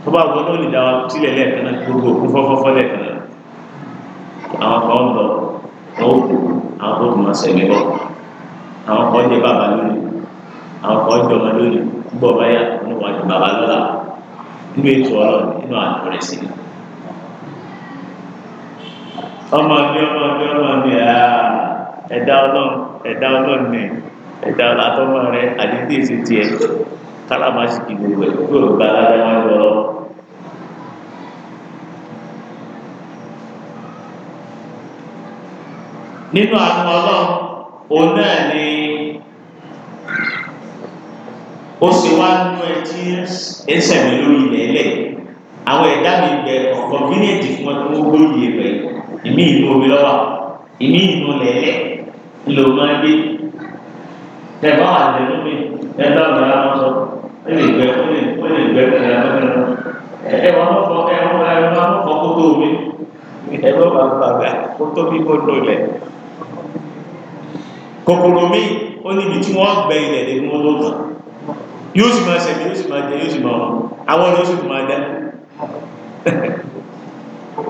tó bá wọn náà lè dá wa sílẹ̀ lẹ́ẹ̀kan náà gbogbo òkú fọ́fọ́fọ́ lẹ́ẹ̀kan náà àwọn kan ń lọ wọn ò kú àwọn tó kù máa sẹ̀mí bọ̀ àwọn kan jẹ́ bàbá lónìí àwọn kan jọ ọmọ lónìí gbọ́ báyà ní wọ́n ti bàbá lọ́la nínú ètò ọ̀rọ̀ nínú àná rẹ̀ sí. ọmọ mi ọmọ mi ọmọ mi ẹ̀dá ọlọ́run ẹ̀dá ọlọ́run ni ẹ̀dá àtọ́mọ rẹ̀ àdídé ṣe tiẹ̀ kálàmásìkì gbogbo ẹ̀ kúrò gba aládáwọ̀ lọ. nínú àwọn ọlọ́run òun náà ni ó sì wá nú ẹ tí ẹ ń sẹ̀mí lórí ilẹ̀ ẹlẹ̀ àwọn ẹ̀dá mi bẹ ọ̀kọ̀nfínẹ̀tì fún ẹ tó gbó yìí bẹ ìmí ìnú omi lọ́wọ́ ìmí ìnú lẹ̀ẹ́lẹ̀ ló máa ń gbé tẹ̀bá wà lẹ́nu mi ẹ̀dá ọ̀gá wọn sọ ó lè gbẹ ó lè ó lè gbẹ pẹ̀lú abẹ́rẹ́ ẹ̀ wọ́n fọ ẹ̀ wọ́n ẹ̀ wọ́n fọ kótó omi ẹ̀ wọ́n bá gbàgbà kótó mi kó tó lẹ̀ kòkòrò mi ó níbi tí wọ́n gbẹ ilẹ̀ lé yóò sì máa ṣẹ̀mí yóò sì máa jẹ yóò sì máa wọn àwọn yóò sì máa dá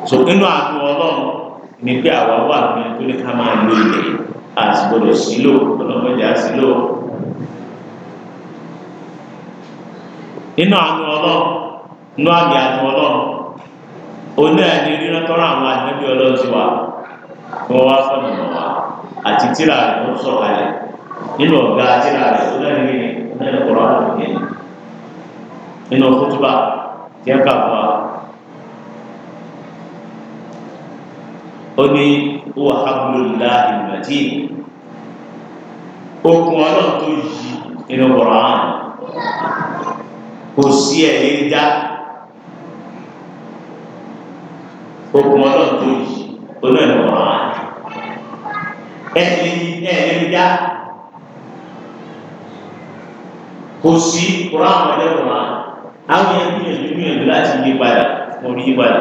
so inú àánú ọlọ́run ni pé àwa wà ní tó ní ká máa lo ilẹ̀ àsìgbọ́dọ̀ sílò ọlọ́mọdé àsìlò inú àánú ọlọ́run inú àmì àánú ọlọ́run oní ẹni ríran tọ́ra àwọn àdébí ọlọ́run ti wà kí wọ́n wá fọ̀nà wà àti tíra rẹ̀ tó sọ̀kalẹ̀ nínú ọ̀gá tíra rẹ̀ tó lẹ́nu yìí nínú Kùránì àdìgẹ́ nínú kútùbà tí a kà fún wa. ó ní wà hablullahi matin okùn ọlọ́run tó yí nínú Kùránì kò sí ẹ̀rí dá okùn ọlọ́run tó yí onínú Kùránì ẹ̀rí ẹ̀rí dá. kò sí kóra àwọn ẹlẹ́wọ̀n wa àwọn yẹn gbìyànjú gbìyànjú láti yí padà wọn rí yí padà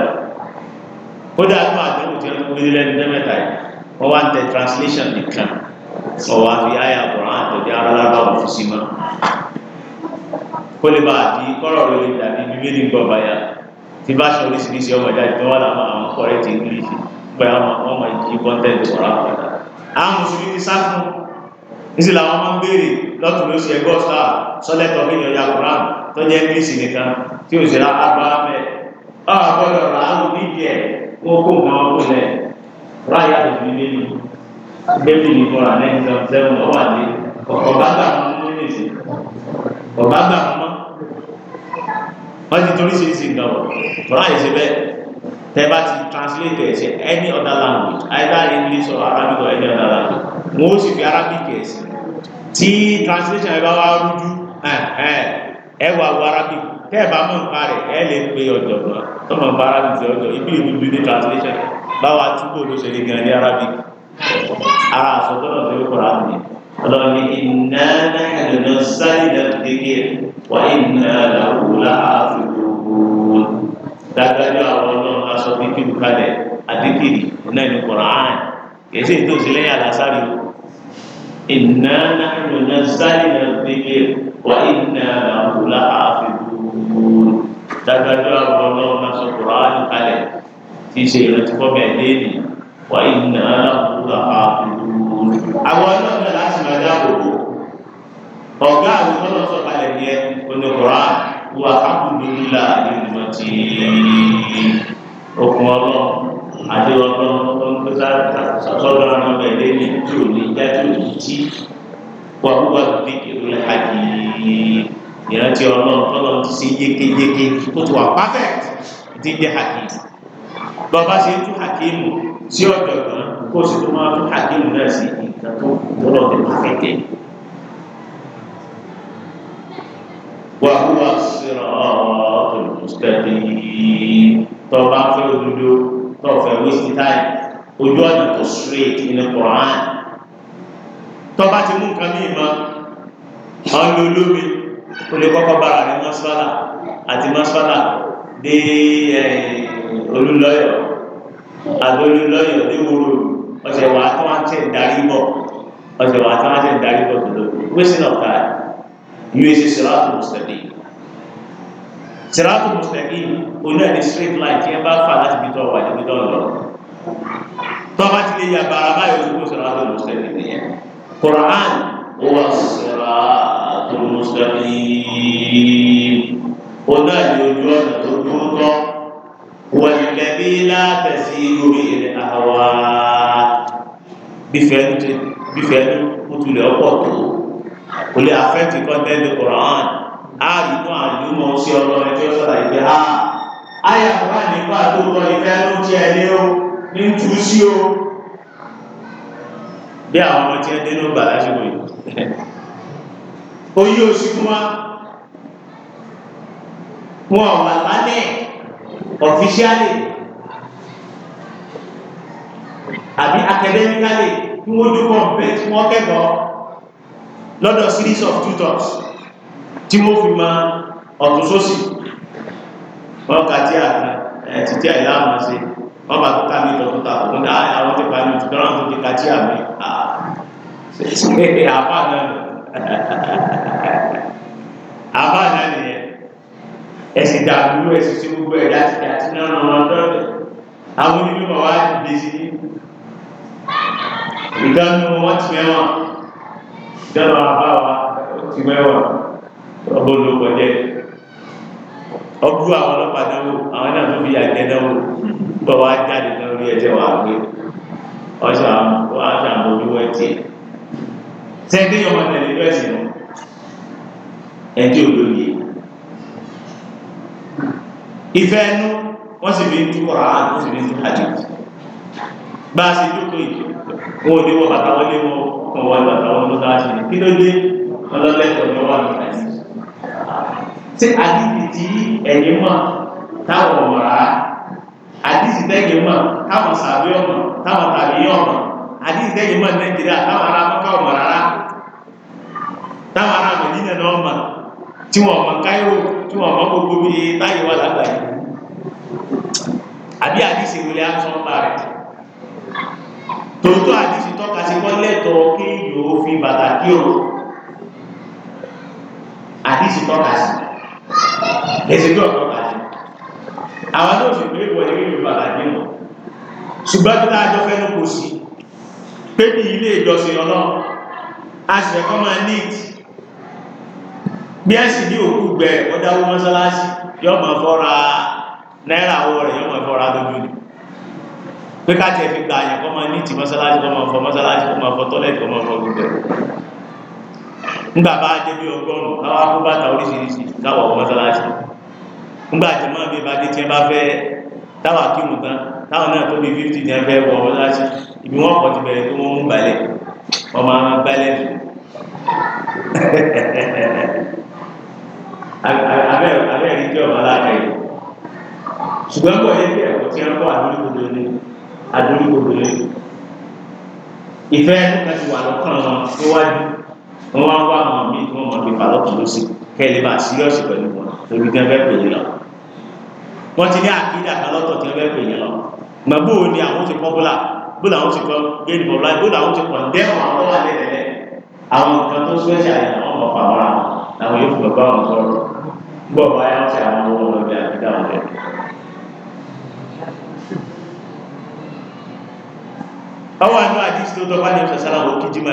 kódà àwọn àdéhùn tí wọn gbé lẹ́nu dẹ́mẹ́ta yìí wọ́n wá ń tẹ translation nìkan ọ̀wá fi àyà kóra àtẹ̀dẹ́ arálábà wọ́n fi sí kó lè bá a di kọ́rọ̀ rẹ̀ lè dàbí bíbélì ń gbọ́ báyà tí bá ṣe oríṣiríṣi ọmọ ìdájọ́ tó wà láwọn àwọn kọ́rẹ́ ti ń gbé yìí gbé níṣẹ́ làwọn máa ń béèrè lọ́tún ló ṣe ẹgbọ́ sáà sọ́lẹ́tọ̀ kí yọ̀ọ̀yà Quran tó jẹ́ English nìkan tí ò ṣẹlá abáhámẹ́ ọ̀gbọ́dọ̀ ràánù nídìí ẹ̀ wọ́n kó nǹkan ọkùn lẹ̀ ráyà òfin nínú bẹ́ẹ̀ni ní kọ́ra lẹ́yìn tó sẹ́wọ̀n ọ wà ní ọ̀bá gbà mọ́ nínú ìṣe ọ̀bá any other language either English or Arabic or any other language wọn ó sì fi arabic ẹ̀ tí translation ẹ bá wá rújú ẹ wà wọ arabic tẹ́ ẹ bá mọ̀ nípa rẹ̀ ẹ lè pe ọ̀jọ̀gbọ́n tọmọ bá arabic ti ọjọ́ ibi ìdúdú ní translation báwa túbọ̀ ló ṣe lè gan ní arabic ara àsọtọ́ náà tó yẹ kọ́ra mi ọlọ́run ní iná náà lọ́nà sáré náà kékeré wà iná làwù láàfin gbogbo dágbájọ́ àwọn ọlọ́run aṣọ kékeré kalẹ̀ adékèrè náà ní kọ́ra kèsì tó sì lẹ́yìn àlásárì ìnà nàìjíríà sáré náà gbélé wà ìnà àbúlá àfihàn dájúdájú àwọn ọlọ́run náà sọ kùrọ̀ áàlù kalẹ̀ tí í ṣe ìrántí fọ́mẹ̀ léèlì wà ìnà àbúlá àfihàn. àwọn ọlọ́run náà láti máa dáàbò bò ọ̀gá àwọn ọlọ́run sọ kalẹ̀ yẹ oníkùrọ̀ wà ábùdúlà ìlú ti okùn ọlọ́run àdéhùn ọlọ́run pé sọ́dọ̀ àwọn ọmọ ẹ̀rẹ́ ní tí ò ní já tí ò ní tí wà wúwà bí ìrọ̀lẹ́ àjì ìrántí ọlọ́run tọ́lọ́run ti ṣe yékéyéké tó ti wà perfect ti jẹ́ hakim bàbá ṣe tún hakim sí ọ̀dọ̀ kan kó o sì tún máa tún hakim náà sí nǹkan tó tọ́lọ́ ti perfect wà wúwà síra ọ̀ọ́ tọ́ba fẹ́ òdodo tọ́fẹ́ wíṣítì táyì ojú ọ̀nà tó straight ní Quran tọ́ba ti mú nǹkan mí ma ọ̀nà olómi ó lè kọ́kọ́ bára ní mọ́sálà àti mọ́sálà dé olúlọ́yọ̀ àti olúlọ́yọ̀ dé wúro ọ̀sẹ̀ wà á tó wá tẹ̀ darí bọ̀ ọ̀sẹ̀ wà á tó wá tẹ̀ darí bọ̀ tó lóko wíṣìn ọ̀tá yóò ṣe siratu mustaqim siratu mustaqim oní straight line tí ẹ bá fà láti bí tọ́ wà níbi tọ́ lọ tọ́ba ti lè yà bàrà báyìí ojú kò sọ̀rọ̀ àti mùsùlùmí nìyẹn Quran wà sọ̀rọ̀ àti mùsùlùmí ọ̀nà àti ojú ọ̀nà tó dúró tọ́ wọ̀nyẹ̀lẹ́bí látẹ̀sí lórí ilẹ̀ àwa bífẹ̀ẹ́nu kútulẹ̀ ọ̀pọ̀ tó kò lè affect content Quran ààrùn inú àdúmọ̀ sí ọlọ́rin tí ó sọ̀rọ̀ ìgbé ha ah, ayé àwọn àníkọ́ àdúgbò ìfẹ́ ló jẹ́ ẹni ó ní ń tú sí o bí àwọn ọmọ tí ẹ dé ló gbà lásìkò yìí oyé o fún wa wọn wà lálẹ́ ọ̀fíṣíálì àbí akadẹ́míkálì kí wọ́n dúpọ̀ bẹ́ tí wọ́n kẹ́kọ̀ọ́ lọ́dọ̀ series of tutors tí mo fi ma ọ̀tún sósì wọ́n kà tí àtìtí sí i wọ́n bá tó ká mi tọ̀tún ta òun dá àwọn ti parí ti dọ́rọ̀ tó ti ka tí àmì àbá náà àbá náà nìyẹn ẹ̀sìn dàbí ẹ̀sìn sí gbogbo ẹ̀ dá ti dá ti náà nà wọn dọ́rọ̀ àwọn onímọ̀ wa dìde sí ìdánù wọn ti mẹ́wọ̀n ìdánù àbá wa ti mẹ́wọ̀n ọgbọ́n ló kọjá yìí ọdún àwọn ọlọ́pàá náà wò àwọn náà tó fi àjẹ náà wò gbọ́ wá jáde náà rí ẹjẹ́ wà pé ọ̀ṣà ọ̀ṣà àmójúwọ̀ ẹtì ẹ̀ sẹ́ńdé ọmọ tẹ̀lé bẹ́ẹ̀sì mọ́ ẹjẹ́ olóye ìfẹ́ ẹnu wọ́n sì fi ń tú ọ̀rá wọ́n sì fi ń tú àjèjì bá a ṣe dúkọ ìjọ wọn ò ní wọ bàtà wọlé wọn kàn wọ bàtà wọn lọ́dọ̀ àṣírí kí ló dé wọn lọ́lẹ́tọ̀ọ́ ni wọ́n wà nípa ẹ̀sìn ṣé àdìsí tí ẹ̀yin mọ̀ táwọn ọ̀mọ̀ rà á àdìsí tẹ́yìn mọ̀ táwọn sàbí ọ̀mọ̀ táwọn tàbí ọ̀mọ̀ àdìsí tẹ́yìn mọ̀ nàìjíríà táwọn ará mọ́ká ọ̀mọ̀ rárá táwọn ará mẹ̀dínà náà mọ̀ tí wọ́n mọ̀ káírò tí wọ́n mọ̀ gbogbo bí táyì wà lágbàáyé àbí àdìsí wọlé àtúntò ńlá rẹ̀ tòótọ́ àdìsí tọ́ka sí wọ́n lẹ́tọ̀ọ́ kéèyàn ó fi bàtà kí òun àdìsí tọ́ka sí èsì tó ọ̀pọ̀ bàjẹ́ àwọn tó sì pé ìwọ̀n ìwé ìwé wọn ṣùgbọ́n tó dájọ́ fẹ́ ló kò sí pé ní ilé ìjọsìn ọlọ́ a sì fẹ́ kọ́ máa neat bí ẹ sì ní òkú gbẹ ọdáwó mọ́sálásí yọ mọ̀ fọ́ra náírà owó rẹ̀ yọ mọ̀ fọ́ra lójú ni pé ká tiẹ̀ fi gbà àyàn kọ́ máa neat mọ́sálásí kọ́ máa fọ́ mọ́sálásí kọ́ máa fọ́ tọ́lẹ̀tì kọ́ máa fọ́ gbogbo ńgbà bá jẹ́ bí ọgọ́rùn-ún káwá kó bàtà oríṣiríṣi káwọ̀ mọ́sálásí ńgbà jẹ́mọ́ bí bá dé tí ẹ bá fẹ́ táwà kí wọn tán táwọn náà tó bí fẹ́ láti ibi wọn kọ ti bẹ̀rẹ̀ tó mú balẹ̀ balẹ̀ jù jẹ́ yìí ṣùgbọ́n kọ́ yẹ kí ẹ̀kọ́ tí kọ́ ní ní ìfẹ́ ẹ̀kọ́ ti wà lọ́kàn wọ́n wá wá àwọn míì tí wọ́n mọ̀ pé balọ̀kùn ló sì kẹ́lẹ́ bá síríọ̀sì pẹ̀lú wọn torí kẹ́ fẹ́ pè yín lọ. wọ́n ti ní àkídà kan lọ́tọ̀ kẹ́ fẹ́ pè yín lọ. gbàgbó ni àwọn ti kọ́ bọ́lá bóòlù àwọn ti kọ́ géèdì bọ́lá bóòlù àwọn ti kọ́ ndẹ́wọ̀n àwọn wà lẹ́lẹ́lẹ́ àwọn nǹkan tó sọ́jà yẹn àwọn ọmọ fàwọn àwọn yóò fún bàbá wọn sọ̀rọ̀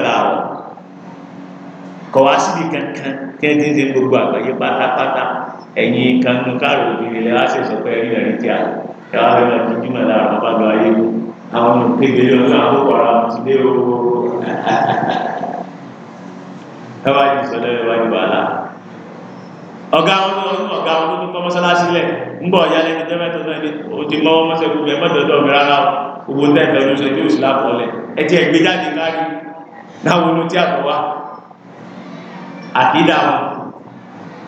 gbọ́ kọ̀ wá síbi kankan kí ẹni tí ń ṣe gbogbo àgbáyé pátápátá ẹ̀yin kanu káàrò òbí lè wá pé ẹ̀rí ẹ̀rí tí a ẹ̀ wá fẹ́ lọ di júmọ̀ láàrọ̀ bàbá lọ ayé àwọn olùkéde ọdún àkókò ara wọn ti dé ooo ẹ wá ní ìsọdẹ ẹ wá ní wàhálà ọ̀gá ọdún ọ̀gá ọdún ní kọ́mọ́sálásí lẹ̀ ń bọ̀ ọ̀yá lẹ́nu jẹ́mẹ́tọ́ náà ní o ti mọ́ ọmọọṣẹ́ gbogbo ẹ̀ mọ́tọ́tọ́ mi rárá o gbogbo ń tẹ̀ fẹ́ lóṣù tí o sì lápọ̀ lẹ̀ àkídà wọn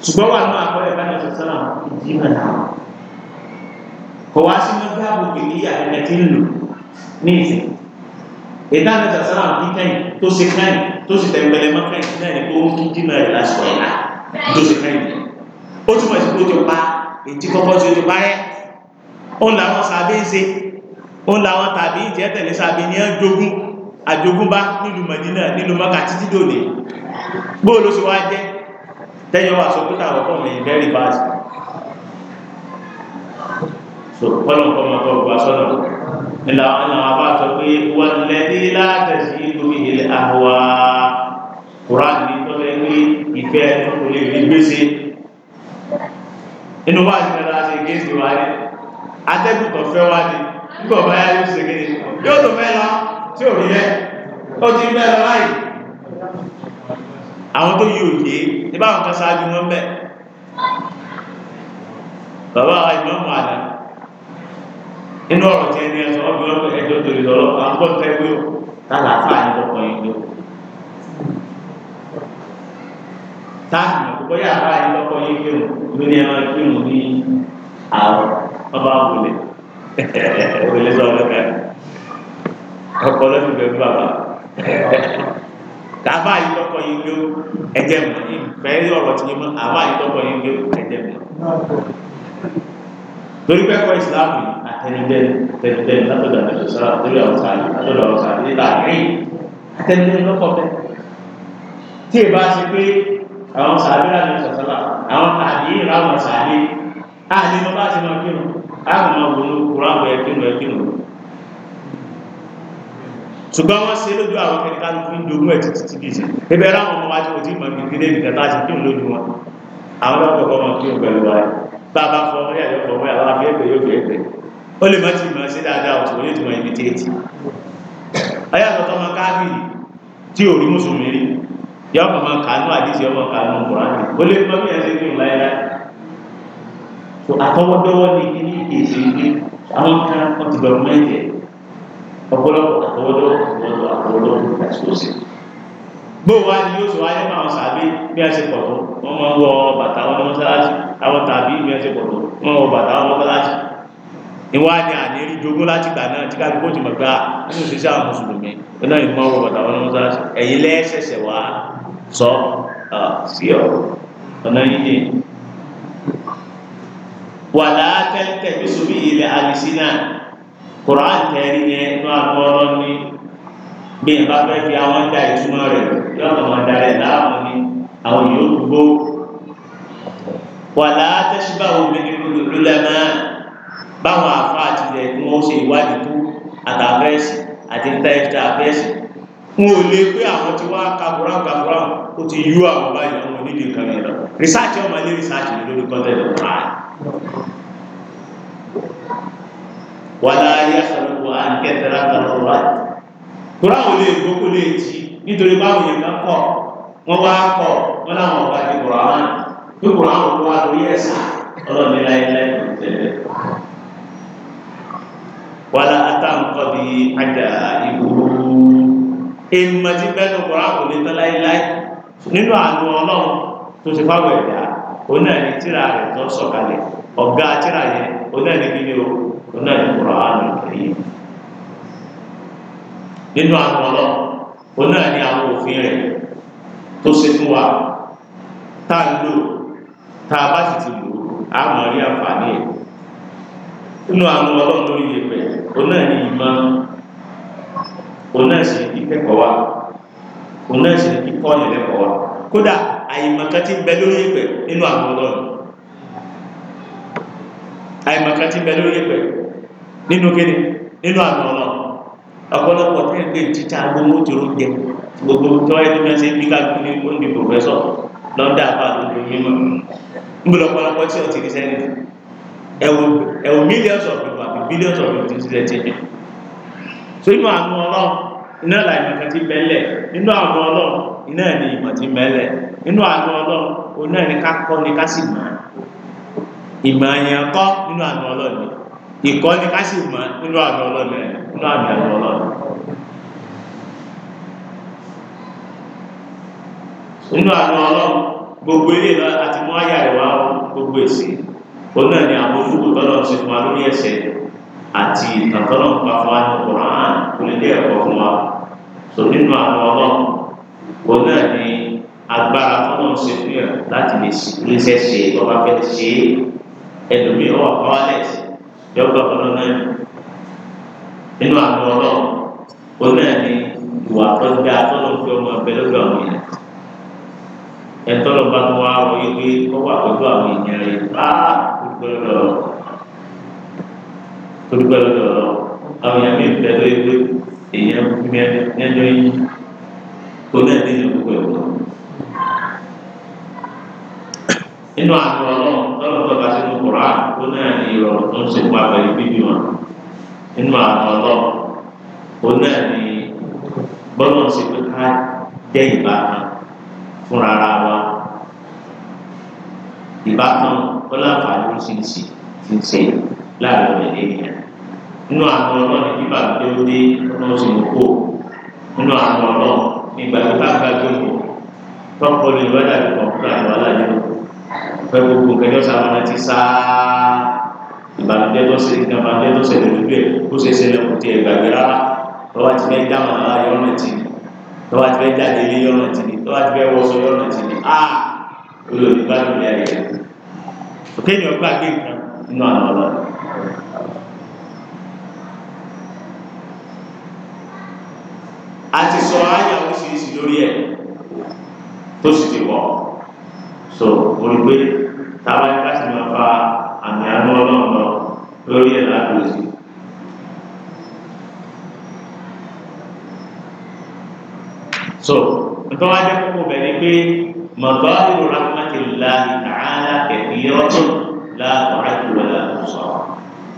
ṣùgbọ́n wà náà àkọọ́lẹ̀ bá yẹn sọ́sọ́ náà ìdí mọ̀ náà kò wá sí mọ́tò àbòkè ní àtẹ̀tẹ̀ tí ń lò ní ìsìn ìdá ní sọ́sọ́ náà kí kẹ́yìn tó ṣe kẹ́yìn tó ṣe tẹ̀m̀bẹ̀lẹ̀ mọ́ kẹ́yìn náà ni tó ń kí dínà ẹ̀ lásìkò ẹ̀ lá tó ṣe kẹ́yìn ó túmọ̀ sí pé ó ti pa ètí kọ́kọ́ tí ó ti parẹ́ ó làwọn sàbẹ̀ ń ṣe ó làwọn tàbí ìjẹ́tẹ̀lẹ́sàbẹ̀ ní àjogún àjogúnbá nílùú Mẹ̀dínà nílùú Mọ́kà títí dòní gbóò ló sì wá jẹ́ tẹ́yìn wà sọ pé àwọn ọkọ mi very bad so pọ́lọ́pọ́ máa tọ́ ọgbà sọ́nà nílà àwọn àbá sọ pé wọ́n lẹ́ni látẹ̀sí lórí ilẹ̀ àwa Quran ní fẹ́ wá ní nígbà báyá ṣe kéde yóò tó fẹ́ tí ò rí yẹ ó ti fẹ́ lọ àwọn tó yí òye ní báwọn kan ṣáájú wọn bẹ̀ bàbá ìmọ̀mù àdá inú ọ̀rọ̀ tí ẹni ẹ̀sọ́ ọ̀gbìn ọ̀gbìn ẹ̀jọ́ torí lọ́lọ́ àgbọ̀ tẹ́gbẹ́ o tálà fáàní lọ́kọ̀ yìí ló táàmì ọ̀gbọ́ yà fáàní lọ́kọ̀ yìí kírun ló ní ẹ̀rọ kírun ní àrùn ọba wọlé òwúlé sọ̀rọ̀ kan ọkọ̀ bẹ́ẹ̀ bàbá àbá yìí lọ́kọ̀ yìí gbé ẹ̀jẹ̀ mọ̀ ìfẹ́ ọ̀rọ̀ ti yé mọ́ àbá yìí lọ́kọ̀ yìí gbé ẹ̀jẹ̀ mọ̀. torí pé ẹ̀kọ́ ìsìláàmù àtẹnudẹ́ àtẹnudẹ́ látọ̀dọ̀ àtẹnudẹ́ àtẹnudẹ́ àtọ̀dọ̀ àtẹnudẹ́ láàrin àtẹnudẹ́ lọ́kọ̀ bẹ́ẹ̀. tí ìbá ṣe pé àwọn sàbí rà ní sọ̀tọ́lá àwọn àbí rà wọn sàbí àní mo bá ti máa kírun àwọn ọmọ ògùn kúrò àwọn ẹkínu ẹkínu ṣùgbọ́n wọ́n ṣe lójú àwọn kẹ̀kẹ́ ló ń dogun ẹ̀ títí tí kìí ṣe ibẹ̀ láwọn ọmọ wájú kò tí mọ̀ ní ìdílé ìdílé tá a ṣe kíun lójú wọn àwọn ọkọ̀ ọmọ kí o pẹ̀lú wa bá a bá fọ ọmọ yàtọ̀ fọ ọmọ yàtọ̀ àfi ẹgbẹ́ yóò fi ẹgbẹ́ ó lè má ti mọ̀ ṣe dáadáa o ṣùgbọ́n yóò mọ̀ ibi tí ètì ọyàtọ̀ tọmọ káàkiri tí ò rí mùsùlùmí rí yọ ọmọ kanú àdìsí ọmọ kanú kùránì ó lè mọ bí ẹsẹ kíun láyé láyé àtọwọ́dọ́wọ́ ni kí ní èsì ọ̀pọ̀lọpọ̀ àtọwọ́dọ́ àtọwọ́dọ́ àtọwọ́dọ́ ìdásílòsì gbóò wá ní yóò tó wáyé máa wọn sàbí bí a ṣe pọ̀ tó wọ́n máa wọ bàtà wọn mọ́sálásí àwọn tàbí bí a ṣe pọ̀ tó wọ́n wọ bàtà wọn mọ́sálásí ìwá ni àníírí jogún láti gbà náà tí káàkiri kó ti mọ̀ gbà ah, nínú ìṣiṣẹ́ àwọn mùsùlùmí iná ìmọ̀ wọ bàtà wọn mọ́sálásí ẹ̀yin lẹ́sẹ̀sẹ̀ wá sọ ah, sí ọ̀rọ̀ ọ̀nà yíyẹ wàlá tẹ́lẹ̀ tẹ̀lé sómi ilẹ̀ àdìsí náà Quran tẹ̀rí yẹn inú agbọ́rọ́ ní bí ẹ bá fẹ́ fi àwọn da ìtumọ̀ rẹ̀ yóò tọ̀ wọn darẹ̀ láàmú ni àwọn yóò gbó. wàlá tẹ́síbà omi ní lulẹ̀mọ́ báwọn afa àtìlẹ̀ kí wọ́n ṣe ìwádìí tó àtàfẹ́sì àti tẹ́sítà àfẹ́sì. n ò lè pé àwọn tí wàá ka Quran ka Quran ó ti yú àwọn báyìí wọn nídìí nǹkan yẹn lọ. rìsáàcì ọmọ ilé rìsáàcì lórí wàlá yàtọ̀ à ń kẹtẹ̀rẹ́ àtàwọn wa. tóra ò lè gbókò lè jí nítorí báwo yẹn kan kọ̀ wọ́n wá kọ̀ wọ́n láwọn ọ̀gá ti kọ̀ àwọn tó kọ̀ àwọn kó wá lórí ẹ̀sà ọlọ́ọ̀ni láyéláyé tẹ̀lé. wàlá àtàǹkọ̀ bí ajá ìgbòho èèmọ̀ ti bẹ́ẹ̀ tó kọ̀ àwọn olè tán nínú àánú ọlọ́run tó òun náà ní Kùránì Kárím nínú àwọn ọlọ òun náà ní àwọn òfin rẹ̀ tó ṣe fún wa tá a lò tá a bá sì ti lò á mọ̀ rí àǹfààní ẹ̀ nínú àwọn ọlọ́run lórí ìyẹ̀pẹ̀ nínú kíni nínú àná ọ̀nà ọ̀pọ̀lọpọ̀ tí ẹgbẹ́ títà gbogbo jòrò jẹ gbogbo tó ẹ ní mẹsẹ̀ bí ká gbé ó ní pòfẹ́sọ̀ lọ́dà àbá lóde mímọ́ nígbà ọ̀pọ̀lọpọ̀ tí ọ̀tí ní sẹ́yìn ẹ̀wọ̀ ẹ̀wọ̀ millions of people àti billions of people ti sílẹ̀ ti jẹ so inú àná ọ̀nà iná là ìmọ̀ ti bẹ́lẹ̀ inú àná ọ̀nà iná ni ìmọ̀ ti bẹ́lẹ̀ inú àná ọ̀nà òun náà ni ká kọ́ ni ká sì ìmọ̀ àyàn ìkọ́ ni ká sì mọ̀ nínú àmì ọlọ́run nínú àmì àmì ọlọ́run. nínú àmì ọlọ́run gbogbo eré lọ àti mú ayà ìwà gbogbo èsì òun náà ni àwọn olùkọ́ tọ́lọ̀ ti fún wa lórí ẹ̀sẹ̀ àti ìtàn tọ́lọ̀ ń pa fún wa ní Kùránì kò ní dé ẹ̀kọ́ fún wa sọ nínú àmì ọlọ́run òun náà ni agbára tọ́lọ̀ ń ṣe fún yàn láti lè ṣe ìgbésẹ̀ ṣe ìtọ́ba fẹ́ ṣe ẹlòmíràn ọ̀pá wálẹ̀ sí yọgbà ọlọ náà nínú àgbọ ọlọ òun náà ní ìwà àtọjá tọlọ fi ọmọ ẹgbẹ lọ́dọ̀ àwọn yẹn ẹ̀tọ́ lọ bá tó wá rọ yìí pé kọ wà pẹ̀lú àwọn èèyàn rẹ bá dúpẹ́ lọ tó dúpẹ́ lọ àwọn èèyàn mi bẹ lọ yìí pé èèyàn mi ẹjọ́ yìí òun náà ní ìyẹn púpọ̀ ẹ̀wọ̀n nínú àgbọ ọlọ tọlọ tọba kúrà tó náà ní ìrọ̀rùn tó ń ṣe pa pẹ̀lú bíbí wọn nínú àwọn ọlọ́ ó náà ní gbọ́dọ̀ ṣe pé ká jẹ́ ìbátan fúnra ara wa ìbátan ó láǹfààní oríṣiríṣi ti ń ṣe láàrin ọ̀rẹ́ ènìyàn nínú àwọn ọlọ́ọ̀ni bíbà tó dé ọlọ́ọ̀ sì mú kó nínú àwọn ọlọ́ọ̀ nígbà tó bá gbàgbé kó tọ́kọ lè wá dàbí kọ̀ọ̀kan àwọn aláàjọ pẹ́ gbogbo nǹkan ẹjọ́ sáà wọn ti sáà ìbànújẹ́ tó ṣe nǹkan ìbànújẹ́ tó ṣẹlẹ̀ lójú ẹ̀ ó ṣe ṣẹlẹ̀ kò tiẹ̀ gbàgbé rárá lọ́wọ́ ti fẹ́ dáhùn ara yọ̀nà tì ni. lọ́wọ́ ti fẹ́ jáde ilé yọ̀nà tì ní lọ́wọ́ ti fẹ́ wọṣọ yọ̀nà tì ní a ah! olórí gbàdúrà yà rẹ̀ òkè ni ọgbà gbé nǹkan nínú àná ọlọ́run. a ti sọ ayà oríṣiríṣi lórí ẹ̀ tó sì ti wọ̀ so orí pé táwa ẹ̀ka sì máa fa àmì àánú ọlọ́run lọ lórí ẹ̀ lágbèsè. so nítorí wájú kókó bẹ̀rẹ̀ pé mọ̀tọ́rù rahmatillahi ta'ala kathiratun la tu'addu wa la tuhsa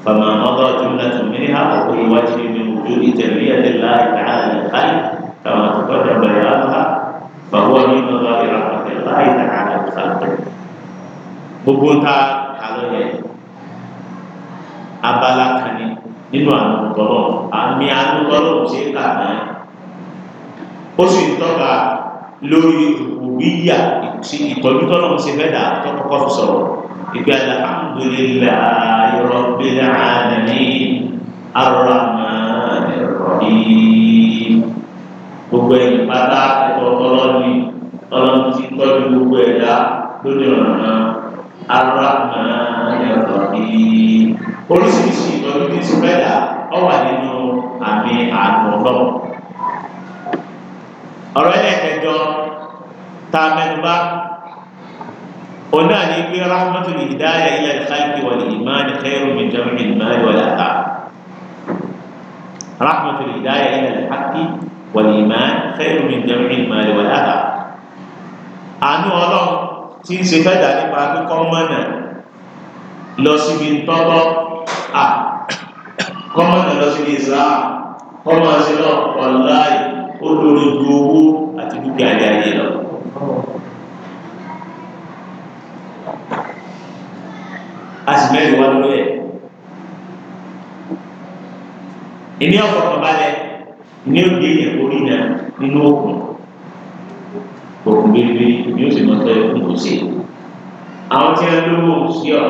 fama mọ́tọ́ jumlatun minha ọ̀pọ̀ ìwádìí mi ojú ìtẹ̀lẹ́yẹ̀dẹ́láhi ta'ala nìkan kama taqaddama bayanuha fa huwa min mọ́tọ́rù rahmatillahi ta'ala àkùsà gbogbo ń ta àlọ́ yẹn abala kan ni nínú àwọn tọ́lọ̀ àmì àwọn tọ́lọ̀ ò ṣe é kà náà ó sì ń tọ́ka lórí òwúyà ìtọ́jú tọ́lọ̀ ò ṣe fẹ́ dà tọ́kọ́kọ́ fi sọ̀rọ̀ ìgbà alhamdulillahi rabbil alamin arrahmanir rahim ni ọlọ́run ti tọ́jú gbogbo ẹ̀dá lórí ọ̀nà arákùnrin yìí oríṣiríṣi ìtọ́jú ní sùpẹ́dà ọ wà nínú àmì àgbọ̀nlọ́ ọ̀rọ̀ ẹlẹ́kẹjọ tá a mẹ́nubà onáà ní pé rahmatul hidaya ila al-khalqi wal imani khairun min jam'i al-mal wal ata rahmatul hidaya ila al-haqqi wal imani khairun min jam'i al-mal wal ata àánú ọlọ́run tí ń ṣe fẹ́dà nípa kíkọ́ mọ́nà lọ síbi tọ́tọ́ à kọ́mọ́nà lọ síbi ìsá kọ́mọ́ sí lọ ọ̀láì ó lórí ju owó àti dúkìá ní ayé lọ. a sì mẹ́rin wá lórí ẹ̀. ìní ọ̀pọ̀ kan balẹ̀ ní òde èèyàn orí náà nínú òkun òkun bíbí ni ó sì mọ tọ́ ẹkún kò sí. àwọn tí wọn lówó sí ọ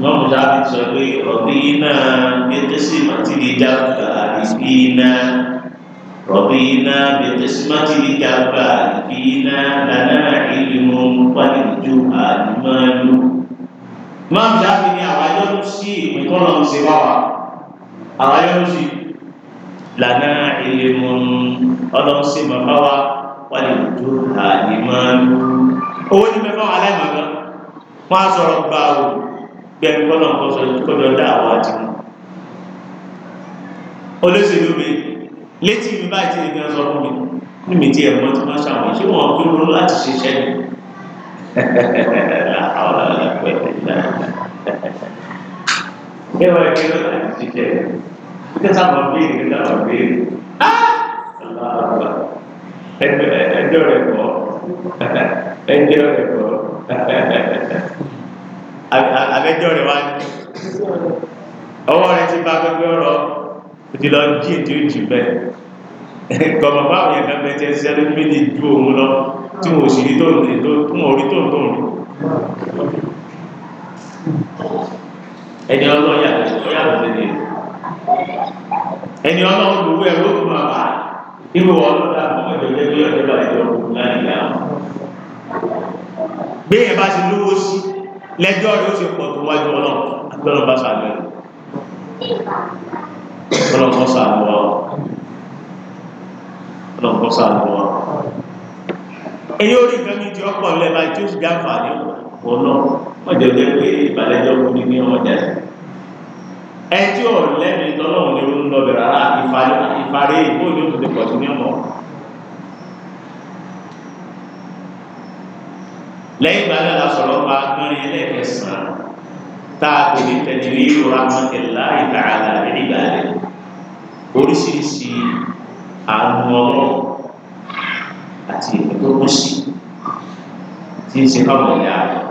wọn mú láti sọ pé ọbí náà bẹtẹsímà ti di dàgbà ìbí náà rọbí náà bẹtẹsímà ti di dàgbà ìbí náà lànà ìlú pàdé ju àdúmọ́lù. máa ń dábì ní àwọn ayọ́lù sí ìpín tó lọ́n ṣe wá wa àwọn ayọ́lù sí lànà ìlú ọlọ́sìn bàbá wa wọ́n lè tó ta ní máa ń owó ní mẹ́fà wà láì màgá wọ́n á sọ̀rọ̀ gba o gbẹ̀rù kọ́nà kọ́sọ̀ kọ́jọ́ dá àwọn àti wọn. olóṣèlú mi létí mi báyìí tí èmi sọ fún mi ní mi tí ẹ̀mọ́ ti máa ṣàwọn ṣé wọn kí ronú láti ṣiṣẹ́ ni. Ewa kí láti ṣiṣẹ́ ni? Kí sábà bí ìrìn náà bí ìrìn? Ah! ẹjọ́ rẹ̀ kọ́ ẹjọ́ rẹ̀ kọ́ abẹ́jọ́ rẹ̀ wá ní ọwọ́ rẹ̀ ti bá gbogbo ọ̀rọ̀ o ti lọ jí ètò ìjì bẹ́ẹ̀ kọ̀mọ̀ bá àwọn ẹ̀ka bẹ́ẹ̀ tí ẹ ṣiṣẹ́ lójú méjì ju òun lọ tí wọn ò sì rí tó ń tó ń orí tó ń tó ń rí ẹni ọlọ́run yàtọ̀ yàtọ̀ sí ni ẹni ọlọ́run gbogbo ẹ̀rọ òkú bàbá ìwọ ọlọ́run pẹ̀lẹ́pẹ̀lẹ́ ọ̀dọ́ àjọ láìlá. Bí ẹ bá ti lówó sí lẹ́jọ́ rẹ̀ ó ti pọ̀ tó wájú ọlọ́run àgbẹ̀rún bá sàlẹ̀. Ọlọ́run kọ́ sàlẹ̀ wa. Ọlọ́run kọ́ sàlẹ̀ wa. Èyí ó rí nǹkan ní ti ọ̀pọ̀ lẹ́ba tí ó sì dá àǹfààní ọ̀nà ọ̀jọ̀jọ̀ pé ìbàlẹ́jọ́ mú ní ọjà yìí ẹtí ò lẹ́mìí tọ́lọ́run ni lẹ́yìn ìgbà náà la sọ̀rọ̀ pa pínrin ẹlẹ́kẹsàn-án tá a pè ní tẹ̀lé ìrora mọ́tẹ̀lá ìgbàlá nígbà rẹ̀ oríṣiríṣi àrùn ọlọ́run àti èmi tó kù sí tí ń ṣe káwọn ìyá rẹ̀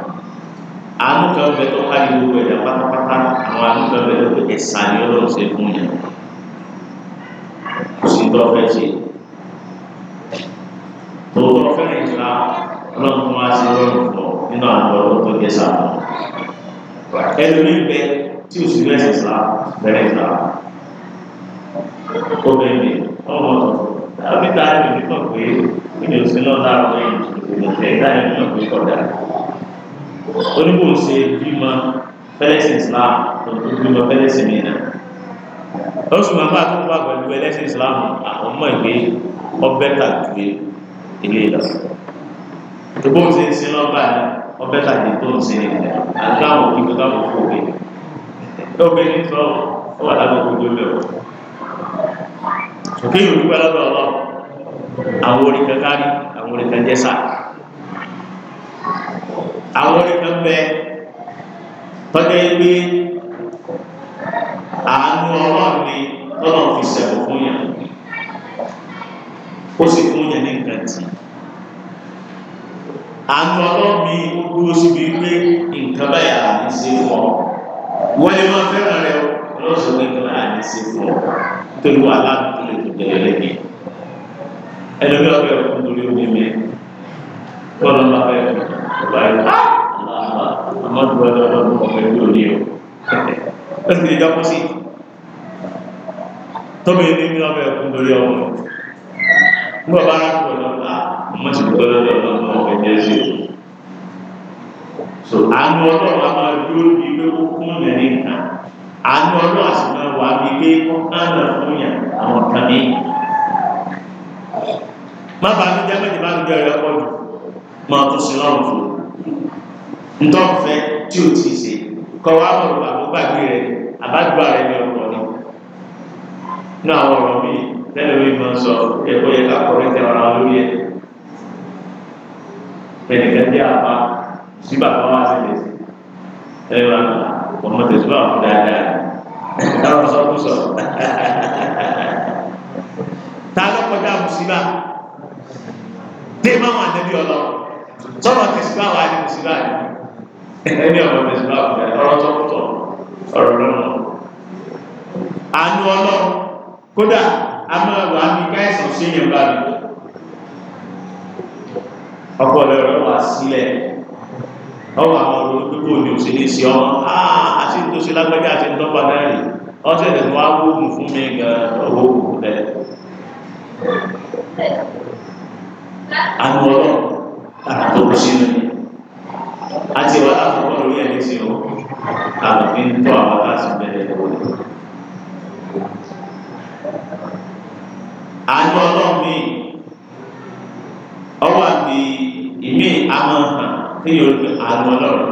àánú kan bẹ tó kárí gbogbo ẹ̀dá pátápátá àwọn àánú kan bẹ tó kẹ̀ sàlẹ̀ ọlọ́run ṣe fún yẹn kò sí tó fẹ́ ṣe tó tó fẹ́ràn ìṣúra ọlọ́run fún wa ṣe lọ́rùn pọ̀ nínú àwọn ọ̀rọ̀ tó jẹ́ sáà ẹlòmí bẹ tí o sì lọ ẹsẹ̀ sá bẹ̀rẹ̀ sá ó bẹ mi ọmọ tàbí tá a lè ní kàn pé kí ni o sì lọ láàárọ̀ yìí ìmọ̀tẹ́ tá a lè ní kàn pé kọ̀dà onígbò ṣe bímọ fẹlẹ́sì Islam tó bímọ fẹlẹ́sì mìíràn ó sì máa bá a tó wà pẹ̀lú ẹlẹ́sìn Islam àwọn ọmọ ìwé ọbẹ̀ tàbí ilé ìdásílẹ̀ gbogbo ń ṣe ń sin lọ́gbà ọbẹ̀ tàbí tó ń sin àgbáwọ̀ kí n tó dáwọ̀ fún òwe obìnrin sọ ó wà lábẹ́ gbogbo lẹ́wọ̀ òkè yìí wípé lọ́dọ̀ ọlọ́ àwọn orin kan kárí àwọn orin kan jẹ́sà àwọn orin kan bẹ tọ́jú pé àánú ọlọ́run ni tọ́lọ̀ fi sẹ̀kọ̀ fún yàn ó sì fún yàn nǹkan tì í àti ọlọ́mi gbogbo síbi pé nǹkan báyà àní sí fún ọ wọ́n lè máa fẹ́ràn rẹ ọlọ́sọ̀ pé nǹkan báyà àní sí fún ọ nítorí wà láàbùkù lè tó bẹ̀rẹ̀ lẹ́yìn ẹlòmí ọ̀bẹ ọ̀kùn torí omi mi bọ́ọ̀lù máa fẹ́ ọ̀bá yìí amadu ọ̀dọ̀ ọlọ́dún ọ̀bẹ ní òní o ó sì lè jápọ̀ sí tọ́bi ní mi ọ̀bẹ ọ̀kùn torí ọmọ nígbà bá rákùn ọ̀dọ̀ ọ̀dọ̀ ọmọ sì gbọ́dọ̀ ọ̀dọ̀ ọ̀fẹ́ jẹ́sẹ̀ so àánú ọlọ́run a máa dúró bíi pé ó kún yẹn nìkan àánú ọlọ́run a sì máa wà bíi pé ó kán náà fún yẹn àwọn kan ní. má bàa ní jẹ́mẹ́tì bá ń gbé ọ̀rẹ́ pọ̀ jù máa tún sí lọ́rùn fún un ntọ́fẹ́ tí o ti ṣe kọ́ wa mọ̀ àbúgbàgbé rẹ̀ àbájúbà rẹ̀ ní ọkọ̀ ni ní àwọn ọ̀rọ̀ mi lẹ́nu mi máa ń sọ ẹ̀kọ́ yẹ ká kọ́ rẹ̀ ọ̀rọ̀ lórí ẹ̀ ẹnìkan jẹ́ àbá síbà kan wá sí lèsì ẹ wà ọmọ tẹ̀síwá fún dáadáa táwọn sọ kú sọ ta ló kọjá mùsíbà dé máwọn àdébí ọlọ sọlọ tẹ̀síwá wà ní mùsíbà ẹni ọmọ tẹ̀síwá fún dáadáa ọ̀rọ̀ tó kútọ ọ̀rọ̀ lọ́nà àánú ọlọ kódà a máa wà ní káyọ̀sán sí yẹn bá mi ọpọlọ rẹ̀ wà sílẹ̀ ọwọ́ àwọn olùdókòwò ní òṣèlú sí ọ àti tó ṣe lágbẹ́jẹ́ àti tọ́pọ̀ dẹ́rìn ọ̀sẹ̀ tó wá wóògùn fún mi gan owó kò tẹ̀. àwọn ọlọ́ àtàtọ̀ kò sínú àti ìwà àkọ́kọ́ lórí ẹni sí o àbí ń tọ́ àwọn aláṣẹ bẹ̀rẹ̀ lọ́wọ́ àjọ ọlọ́run mi pé èmi àmọ́ hàn kéèyàn ló àánú ọlọ́run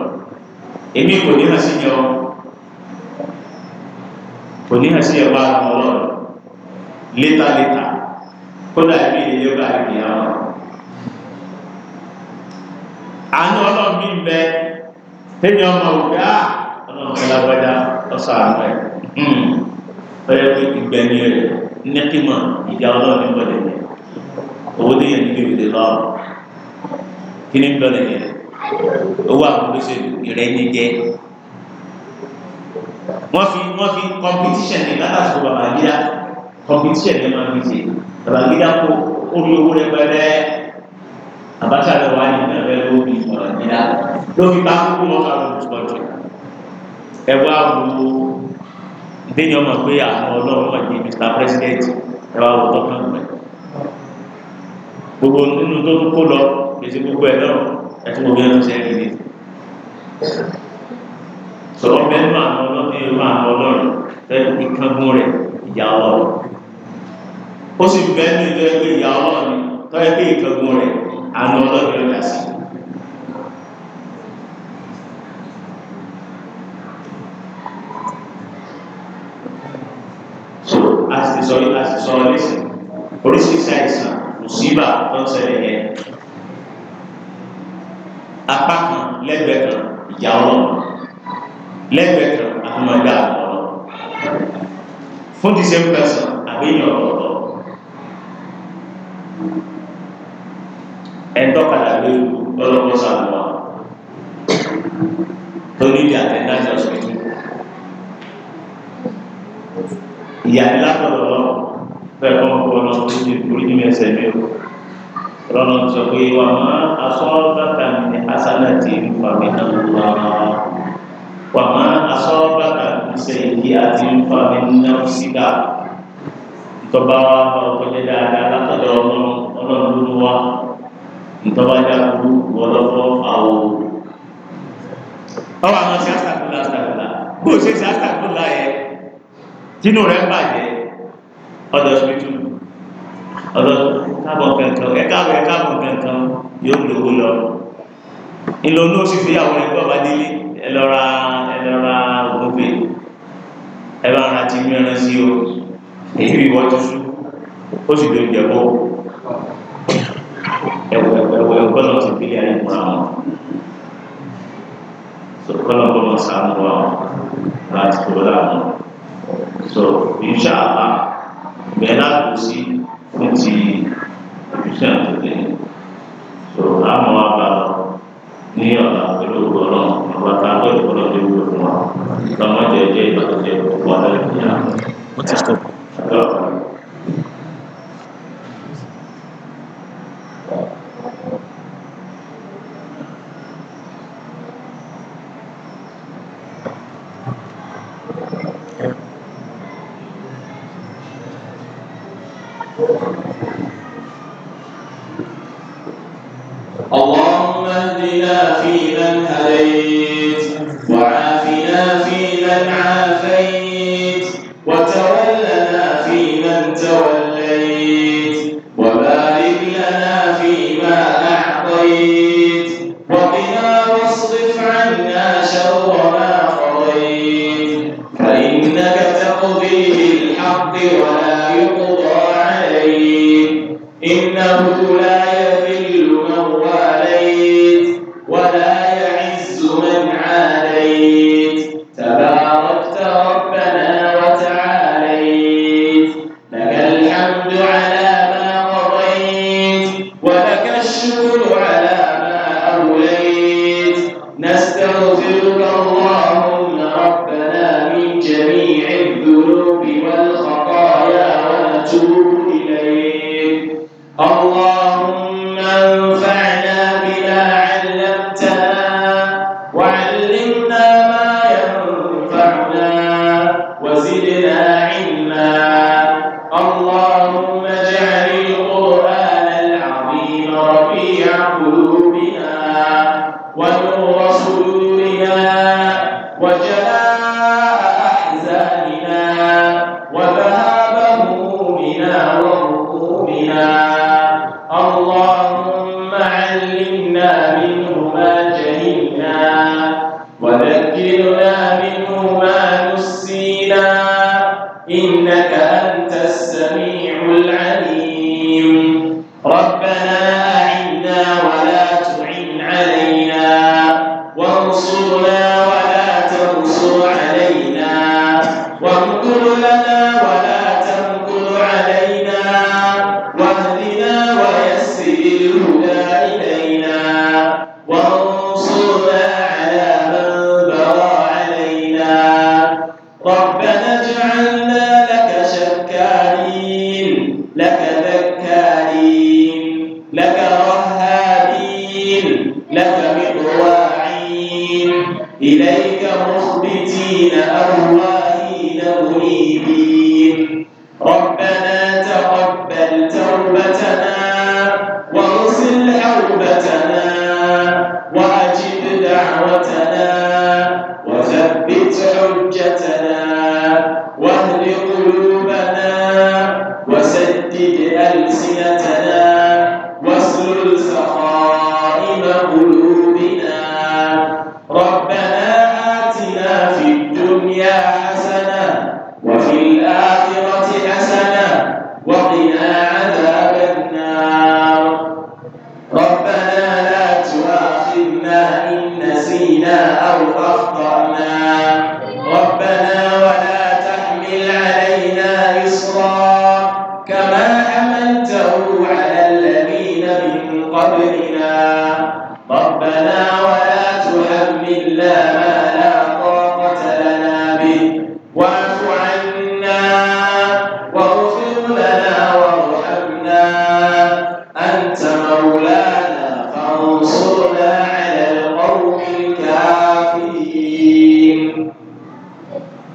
èmi kò ní hàn sí yọ kò ní hàn sí ẹ̀wọ́ àánú ọlọ́run létà létà kódà èmi ìdílé bá ìdí àwọn àánú ọlọ́run mi bẹ kéèyàn ọmọ òkè á ah, ọlọ́run kọlá gbọ́dá ọ̀sán àánú ẹ̀ ọ̀yẹ́ hmm. pé ìgbẹ́ni rẹ̀ ní kímọ̀ ìjà ọlọ́run ní bọ́dẹ̀ ní owó déyẹ̀ níbi ìdè lọ́rùn kí ni ń lọ lẹ́yìn rẹ̀ owó àwọn olóṣèlú ìrẹ́ni jẹ́ wọ́n fi wọ́n fi competition ní látàkùn babangida competition ní máa fi ṣe babangida kó orí owó rẹpẹtẹ Abacha lọ wá ní ìgbàgbẹ́ lórí babangida ló fi bá kókó wọn fà lọ sí ọjọ́ ẹ wá wo ìdẹ́yìn ọmọ pé àwọn ọlọ́run wà ní Mr President ẹ wá wọ tọ́kàn pẹ̀ gbogbo nínú tó kó lọ kìí gbogbo ẹ̀ náà ẹtí mo bí ẹ ti ṣe é nìyí. sọ̀rọ̀ bẹ́ẹ̀ máa ń lọ ní ìlú àwọn ọlọ́run bẹ́ẹ̀ ìkángun rẹ̀ ìyá ọlọ́run. ó sì bẹ́ẹ̀ ní ìlú ẹgbẹ́ ìyá ọlọ́run tó ẹgbẹ́ ìkángun rẹ̀ àánú ọlọ́run yóò dà sí. a sì sọ a sì sọ ọ lẹ́sìn oríṣiríṣi àìsàn mùsíbà tó ń ṣẹlẹ̀ yẹn apá kan lẹ́gbẹ̀ẹ́ kan ìyá ọlọ́run lẹ́gbẹ̀ẹ́ kan àtúmọ̀dá ọlọ́run fún the same person àbẹ́yìn ọ̀tọ̀ọ̀tọ̀ ẹ̀ńtọ́kadà gbé lọ́lọ́kọ́ sàlùwà tó ní di àtẹ̀dájọ́ ọ̀sìkìtì ìyá ńlá tọ̀lọ̀ lọ́wọ́ fẹ́ẹ́ kọ́ ọ̀pọ̀ ọlọ́run tó ní orí ní ẹsẹ̀ mi o lọ́nà tó pé wà má asọ́ọ́bàkà ní asánàtì ìfàmìnà wà wà má asọ́ọ́bàkà ìṣèyí àti ìfàmìnà sígá ìtọ́ba wa bá ọkọjẹ dáadáa látọ̀dọ̀ ọlọ́run ló wá ìtọ́ba já kú wọlọ́fọ́ àwọ̀. ọwọ́ àwọn ṣe àṣàkóla àṣàkóla bó o ṣe ṣe àṣàkóla yẹ tínú rẹ̀ ń bàjẹ́ ọ̀dọ̀ ṣubítù ọ̀dọ̀ ṣubítù káàbọ̀ kankan ẹ̀káàbọ̀ ẹ̀káàbọ̀ kankan yóò lówó lọ ìlọ́nà oṣù fìyàwó rẹ̀ gbọ́ bá délé ẹlọ́ra ẹlọ́ra ògbógbé ẹlọ́ ara ti mú ẹran sí o èyí ìwọ́ ti sú ó sì lè jẹ̀bọ́ ẹ̀wọ̀ ẹ̀wọ̀ ẹ̀wọ̀ lọ sí ìpínlẹ̀ ayé fúnra wọn so kọ́lọ̀ kọ́lọ̀ sàánú wa láti tó láàmú so inṣàlá bẹ́ẹ̀ láti kú sí fún ti iṣẹ́ àtúndì tó láwọn wá bá ní ọ̀la pẹ̀lú ọ̀rọ̀ ọ̀gbà tá a gbé ìfọ̀rọ̀ lé wúlò fún wa lọ́mọdé jẹ́ ìbàdàn jẹ́ òkú ọ̀rẹ́ ìyá.